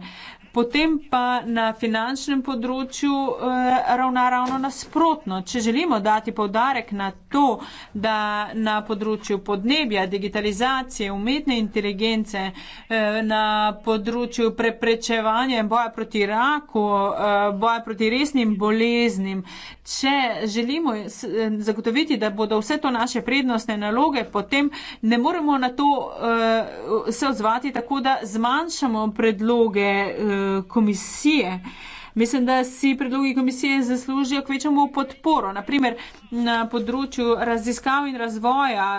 potem pa na finančnem področju eh, ravna ravno nasprotno. Če želimo dati povdarek na to, da na področju podnebja, digitalizacije, umetne inteligence, eh, na področju preprečevanja in boja proti raku, eh, boja proti resnim boleznim, če želimo eh, zagotoviti, da bodo vse to naše prednostne naloge, potem ne moremo na to eh, se odzvati tako, da zmanjšamo predloge. Eh, komisije. Mislim, da si predlogi komisije zaslužijo kvečemu podporo. Naprimer, na področju raziskav in razvoja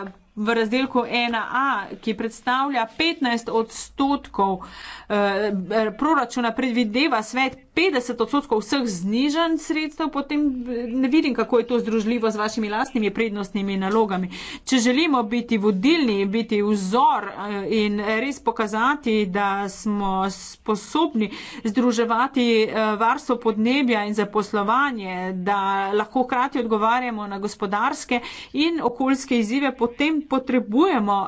v razdelku 1A, ki predstavlja 15 odstotkov eh, proračuna, predvideva svet 50 odstotkov vseh znižanj sredstev, potem eh, ne vidim, kako je to združljivo z vašimi lastnimi prednostnimi nalogami. Če želimo biti vodilni, biti vzor eh, in res pokazati, da smo sposobni združevati eh, varstvo podnebja in zaposlovanje, da lahko hkrati odgovarjamo na gospodarske in okoljske izzive, potem potrebujemo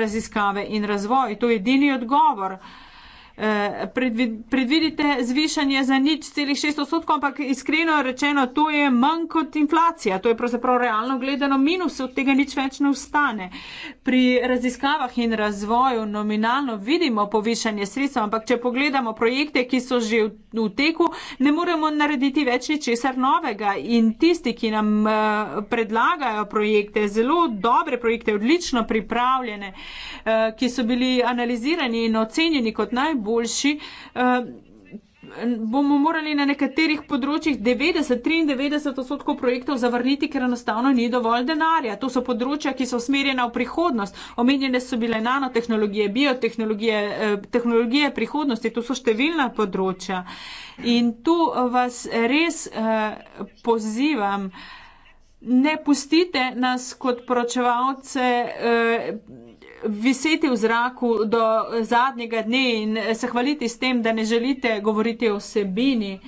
raziskave in razvoj. To je edini odgovor predvidite zvišanje za nič celih šest odstotkov, ampak iskreno rečeno, to je manj kot inflacija. To je pravzaprav realno gledano minus, od tega nič več ne ustane. Pri raziskavah in razvoju nominalno vidimo povišanje sredstva, ampak če pogledamo projekte, ki so že v teku, ne moremo narediti več ničesar novega. In tisti, ki nam predlagajo projekte, zelo dobre projekte, odlično pripravljene, ki so bili analizirani in ocenjeni kot najbolj najboljši. Eh, bomo morali na nekaterih področjih 90-93 odstotkov projektov zavrniti, ker enostavno ni dovolj denarja. To so področja, ki so usmerjena v prihodnost. Omenjene so bile nanotehnologije, biotehnologije, eh, tehnologije prihodnosti, to so številna področja. In tu vas res eh, pozivam, ne pustite nas kot poročevalce viseti v zraku do zadnjega dne in se hvaliti s tem, da ne želite govoriti o sebini.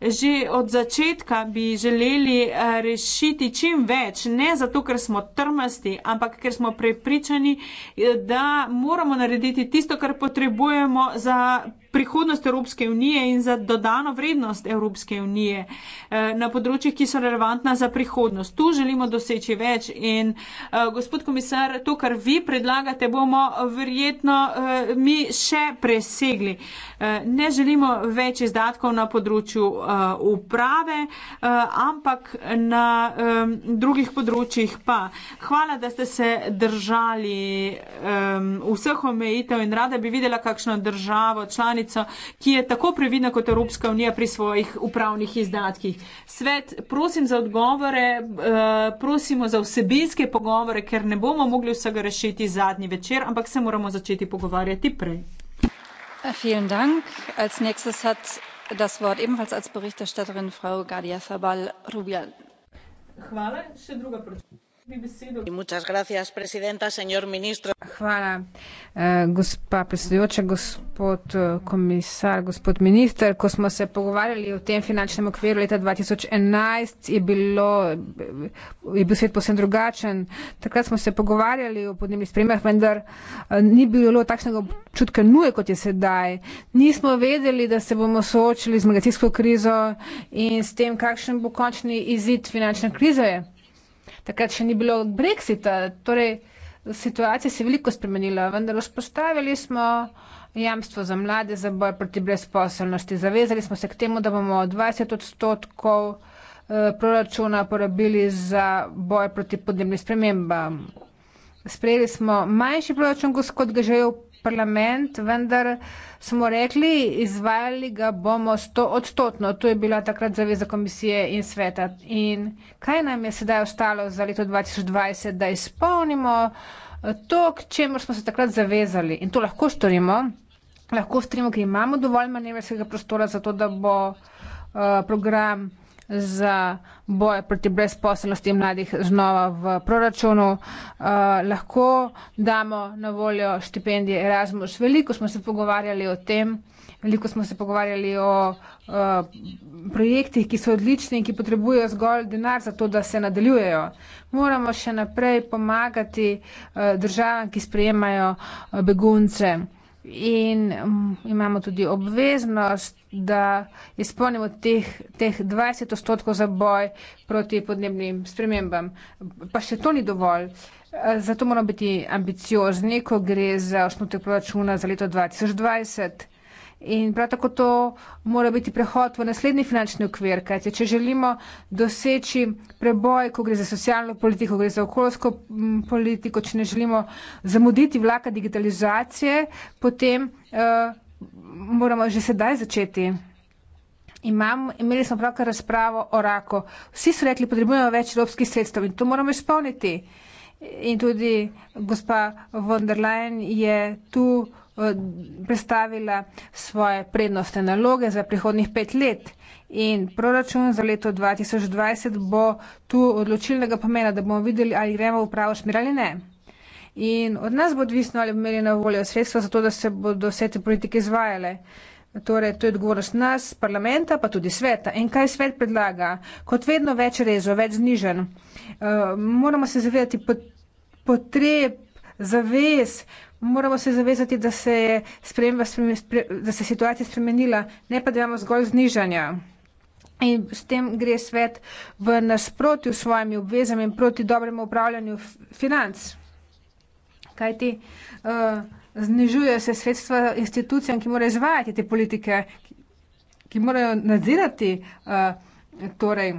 Že od začetka bi želeli eh, rešiti čim več, ne zato, ker smo trmasti, ampak ker smo prepričani, eh, da moramo narediti tisto, kar potrebujemo za prihodnost Evropske unije in za dodano vrednost Evropske unije eh, na področjih, ki so relevantna za prihodnost. Tu želimo doseči več in eh, gospod komisar, to, kar vi predlagate, bomo verjetno eh, mi še presegli. Ne želimo več izdatkov na področju uprave, ampak na drugih področjih pa. Hvala, da ste se držali vseh omejitev in rada bi videla, kakšno državo člani članico, ki je tako previdna kot Evropska unija pri svojih upravnih izdatkih. Svet, prosim za odgovore, eh, prosimo za vsebinske pogovore, ker ne bomo mogli vsega rešiti zadnji večer, ampak se moramo začeti pogovarjati prej. Eh, vielen Dank. Als nächstes hat das Wort ebenfalls als Berichterstatterin Frau Gadia Fabal-Rubial. Hvala, še druga prosim señor ministro. Hvala, eh, gospa predsedujoča, gospod eh, komisar, gospod minister. Ko smo se pogovarjali o tem finančnem okviru leta 2011, je, bilo, je bil svet posebno drugačen. Takrat smo se pogovarjali o podnebnih spremembah, vendar eh, ni bilo takšnega občutka nuje, kot je sedaj. Nismo vedeli, da se bomo soočili z migracijsko krizo in s tem, kakšen bo končni izid finančne krize takrat še ni bilo Brexita, torej situacija se je veliko spremenila, vendar vzpostavili smo jamstvo za mlade, za boj proti brezposelnosti. Zavezali smo se k temu, da bomo 20 odstotkov eh, proračuna porabili za boj proti podnebnim spremembam. Sprejeli smo manjši proračun, kot ga želijo parlament, vendar smo rekli, izvajali ga bomo sto odstotno. To je bila takrat zaveza komisije in sveta. In kaj nam je sedaj ostalo za leto 2020, da izpolnimo to, k čemu smo se takrat zavezali? In to lahko storimo. Lahko storimo, ker imamo dovolj manevrskega prostora za to, da bo uh, program za boj proti brezposelnosti mladih znova v proračunu. Uh, lahko damo na voljo štipendije Erasmus. Veliko smo se pogovarjali o tem, veliko smo se pogovarjali o uh, projektih, ki so odlični in ki potrebujejo zgolj denar za to, da se nadaljujejo. Moramo še naprej pomagati uh, državam, ki sprejemajo begunce in mm, imamo tudi obveznost, da izpolnimo teh, teh 20 odstotkov za boj proti podnebnim spremembam. Pa še to ni dovolj. Zato moramo biti ambiciozni, ko gre za osnutek proračuna za leto 2020. In prav tako to mora biti prehod v naslednji finančni okvir, kajte če želimo doseči preboj, ko gre za socialno politiko, ko gre za okoljsko politiko, če ne želimo zamuditi vlaka digitalizacije, potem uh, moramo že sedaj začeti. Imam, imeli smo pravkar razpravo o raku. Vsi so rekli, potrebujemo več evropskih sredstev in to moramo izpolniti. In tudi gospa von der Leyen je tu Eh, predstavila svoje prednostne naloge za prihodnih pet let. In proračun za leto 2020 bo tu odločilnega pomena, da bomo videli, ali gremo v pravo smer ali ne. In od nas bo odvisno, ali bomo imeli na voljo sredstva za to, da se bodo vse te politike izvajale. Torej, to je odgovornost nas, parlamenta, pa tudi sveta. In kaj svet predlaga? Kot vedno več rezo, več znižen. Uh, moramo se zavedati pot potreb, zavez, Moramo se zavezati, da se je sprememba, da se je situacija spremenila, ne pa da imamo zgolj znižanja. In s tem gre svet v nasprotju s svojimi obvezami in proti dobremu upravljanju financ. Kaj ti uh, eh, znižuje se sredstva institucijam, ki morajo izvajati te politike, ki, ki morajo nadzirati uh, torej,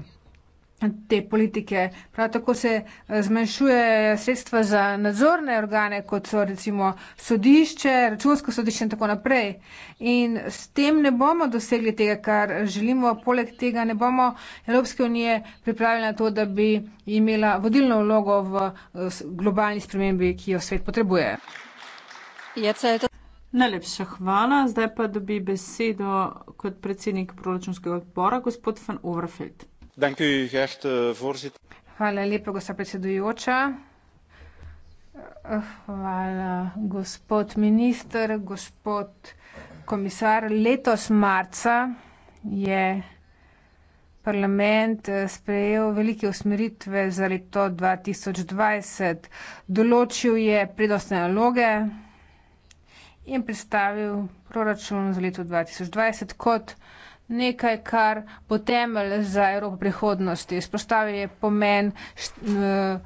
te politike. Prav tako se eh, zmanjšuje sredstva za nadzorne organe, kot so recimo sodišče, računsko sodišče in tako naprej. In s tem ne bomo dosegli tega, kar želimo. Poleg tega ne bomo Evropske unije pripravljali na to, da bi imela vodilno vlogo v eh, globalni spremembi, ki jo svet potrebuje. Najlepša hvala. Zdaj pa dobi besedo kot predsednik proračunskega odbora, gospod Van Overfeld. Hvala lepa, gospa predsedujoča. Hvala, gospod minister, gospod komisar. Letos marca je parlament eh, sprejel velike usmeritve za leto dva tisoč dvajset. Določil je prednostne naloge in predstavil proračun za leto dva tisoč dvajset kot nekaj, kar bo temelj za Evropo prihodnosti. Spostavil je pomen eh, eh,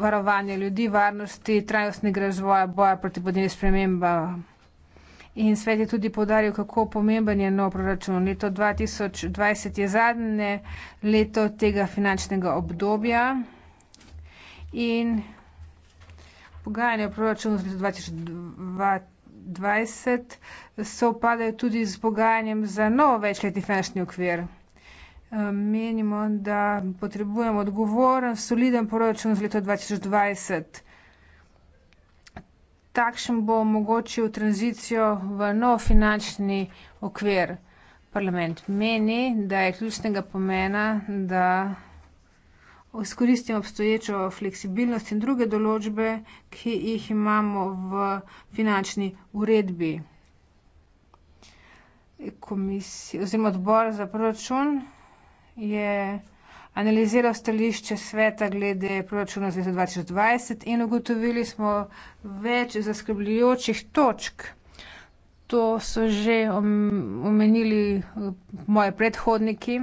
varovanja ljudi, varnosti, trajnostnega razvoja, boja proti podnebnim spremembam. In svet je tudi podaril, kako pomemben je nov proračun. Leto 2020 je zadnje leto tega finančnega obdobja in pogajanje o proračunu za leto 2020. 2020 so pade tudi z pogajanjem za nov večletni finančni okvir. Eh, menimo, da potrebujemo odgovoren, soliden proračun za leto 2020. Takšen bo omogočil tranzicijo v nov finančni okvir. Parlament meni, da je ključnega pomena, da izkoristimo obstoječo fleksibilnost in druge določbe, ki jih imamo v finančni uredbi. Komisija oziroma odbor za proračun je analiziral stališče sveta glede proračuna za leto 2020 in ugotovili smo več zaskrbljujočih točk. To so že omenili eh, moji predhodniki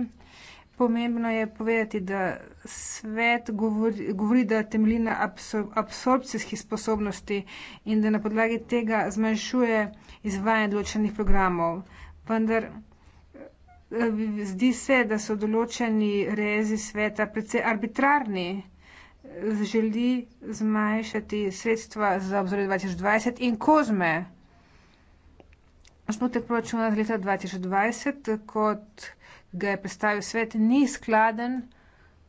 pomembno je povedati, da svet govori, govori da temelji na absor, absorpcijskih sposobnosti in da na podlagi tega zmanjšuje izvajanje določenih programov. Vendar eh, zdi se, da so določeni rezi sveta precej arbitrarni. Želi zmanjšati sredstva za obzorje 2020 in kozme. Osnutek proračuna za leta 2020 kot ga je predstavil svet, ni skladen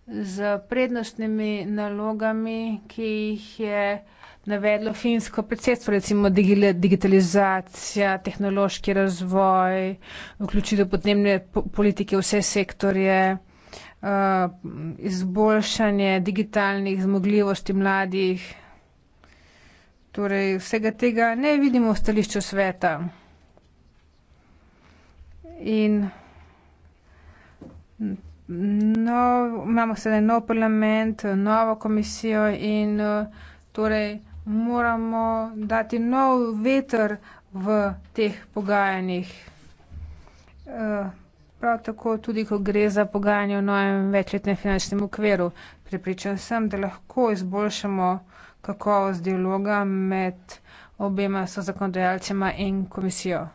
z prednostnimi nalogami, ki jih je navedlo finsko predsedstvo, recimo digitalizacija, tehnološki razvoj, vključitev podnebne politike v vse sektorje, uh, izboljšanje digitalnih zmogljivosti mladih. Torej, vsega tega ne vidimo v stališču sveta. In nov, imamo sedaj nov parlament, novo komisijo in torej moramo dati nov veter v teh pogajanjih. Eh, prav tako tudi, ko gre za pogajanje o novem večletnem finančnem okviru. Pripričan sem, da lahko izboljšamo kakovost dialoga med obema sozakonodajalcema in komisijo.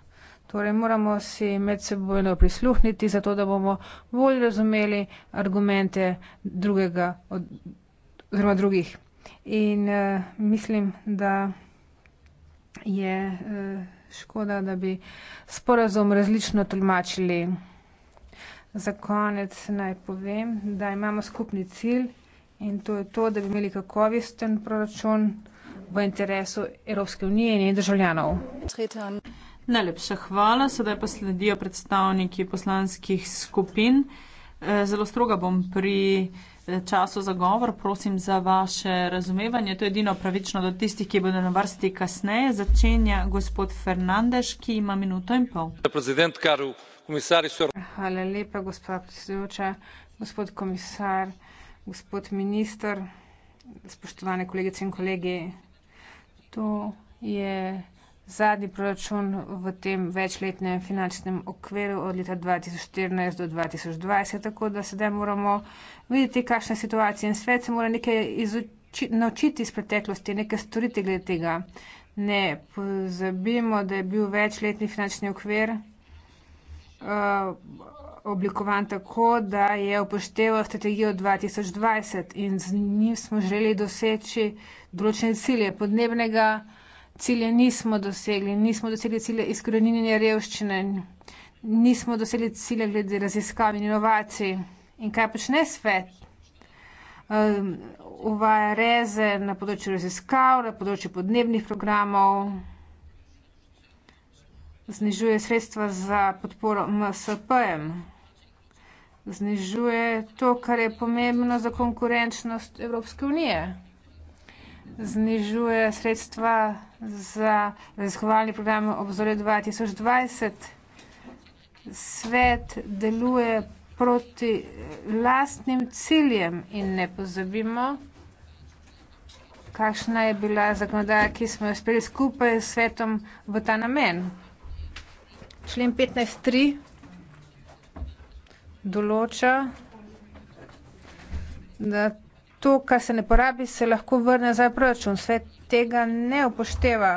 Torej moramo si medsebojno prisluhniti, zato da bomo bolj razumeli argumente drugega od, oziroma drugih. In uh, mislim, da je uh, škoda, da bi sporazum različno tolmačili. Za konec naj povem, da imamo skupni cilj in to je to, da bi imeli kakovisten proračun v interesu Evropske unije in državljanov. Tretan. Najlepša hvala. Sedaj pa sledijo predstavniki poslanskih skupin. Eh, zelo stroga bom pri eh, času za govor. Prosim za vaše razumevanje. To je edino pravično do tistih, ki bodo na vrsti kasneje. Začenja gospod Fernandez, ki ima minuto in pol. Hvala lepa, gospod predsedujoča, gospod komisar, gospod minister, spoštovane kolegice in kolegi. To je zadnji proračun v tem večletnem finančnem okviru od leta 2014 do 2020, tako da sedaj moramo videti, kakšna je situacija in svet se mora nekaj izuči, naučiti iz preteklosti, nekaj storiti glede tega. Ne pozabimo, da je bil večletni finančni okvir uh, oblikovan tako, da je upošteval strategijo 2020 in z njim smo želeli doseči določene cilje podnebnega cilje nismo dosegli. Nismo dosegli cilje izkoreninjenja revščine, nismo dosegli cilje glede raziskav in inovacij. In kaj počne svet? Um, uvaja reze na področju raziskav, na področju podnebnih programov, znižuje sredstva za podporo MSP-jem, znižuje to, kar je pomembno za konkurenčnost Evropske unije znižuje sredstva za raziskovalni program obzore 2020. Svet deluje proti lastnim ciljem in ne pozabimo, kakšna je bila zakonodaja, ki smo jo speli skupaj s svetom v ta namen. Člen 15.3 določa, da to, kar se ne porabi, se lahko vrne za proračun. Svet tega ne upošteva.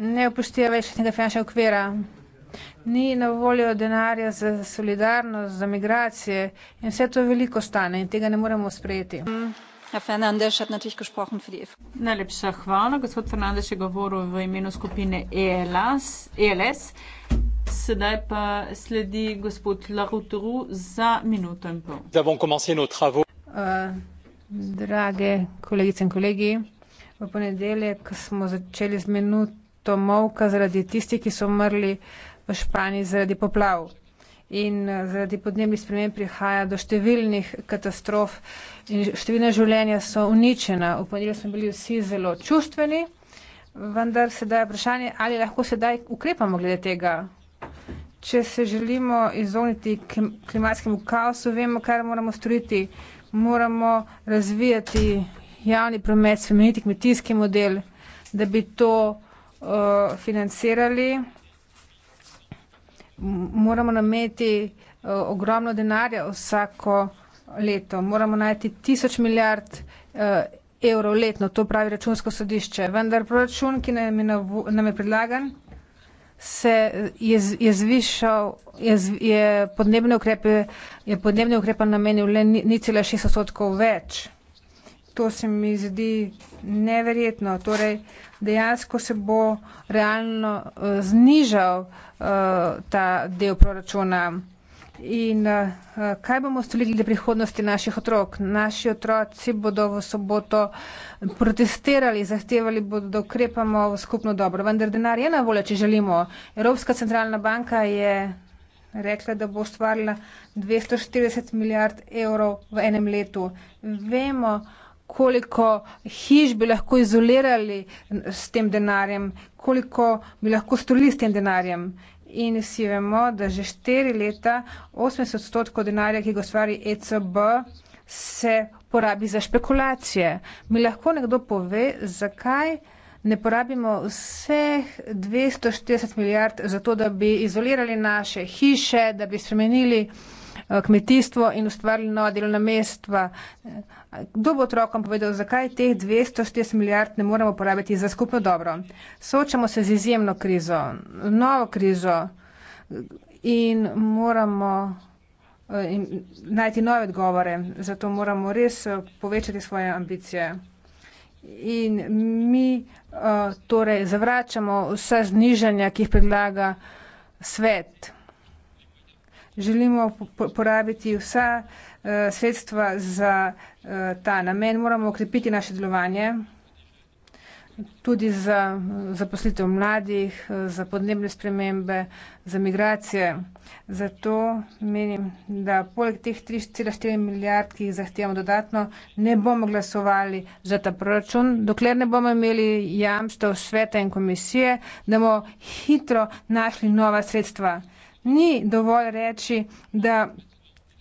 Ne upošteva več tega finančnega okvira. Ni na voljo denarja za solidarnost, za migracije in vse to veliko stane in tega ne moremo sprejeti. Najlepša hvala. Gospod Fernandez je govoril v imenu skupine ELS. E Sedaj pa sledi gospod Larutru za minuto in pol. Eh, drage kolegice in kolegi. V ponedeljek smo začeli z minuto molka zaradi tistih, ki so umrli v Španiji zaradi poplav. In eh, zaradi podnebnih sprememb prihaja do številnih katastrof in številne življenja so uničena. V ponedeljek smo bili vsi zelo čustveni, vendar se daje vprašanje, ali lahko sedaj ukrepamo glede tega. Če se želimo izogniti klimatskemu kaosu, vemo, kaj moramo storiti moramo razvijati javni promet, spremeniti kmetijski model, da bi to uh, financirali. Moramo nameti uh, ogromno denarja vsako leto. Moramo najti tisoč milijard uh, evrov letno, to pravi računsko sodišče. Vendar proračun, ki nam je, nam je predlagan, se je, je zvišal, je, je, podnebne ukrepe, je podnebne ukrepe namenil le ni cela šest odstotkov več. To se mi zdi neverjetno. Torej, dejansko se bo realno uh, znižal uh, ta del proračuna. In uh, kaj bomo storili za prihodnosti naših otrok? Naši otroci bodo v soboto protestirali, zahtevali bodo, da ukrepamo v skupno dobro. Vendar denar je na voljo, če želimo. Evropska centralna banka je rekla, da bo ustvarila 240 milijard evrov v enem letu. Vemo, koliko hiš bi lahko izolirali s tem denarjem, koliko bi lahko storili s tem denarjem in vsi vemo, da že štiri leta 80 odstotkov denarja, ki ga ustvari ECB, se porabi za špekulacije. Mi lahko nekdo pove, zakaj ne porabimo vseh 240 milijard za to, da bi izolirali naše hiše, da bi spremenili. Eh, kmetijstvo in ustvarili nova delovna mesta. Kdo bo otrokom povedal, zakaj teh 240 milijard ne moremo porabiti za skupno dobro? Soočamo se z izjemno krizo, novo krizo in moramo eh, in najti nove odgovore. Zato moramo res eh, povečati svoje ambicije. In mi uh, torej zavračamo vse znižanja, ki jih predlaga svet želimo porabiti vsa eh, sredstva za eh, ta namen. Moramo okrepiti naše delovanje tudi za zaposlitev mladih, za podnebne spremembe, za migracije. Zato menim, da poleg teh 3,4 milijard, ki jih zahtevamo dodatno, ne bomo glasovali za ta proračun, dokler ne bomo imeli jamstev sveta in komisije, da bomo hitro našli nova sredstva ni dovolj reči, da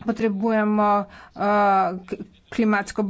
potrebujemo uh, klimatsko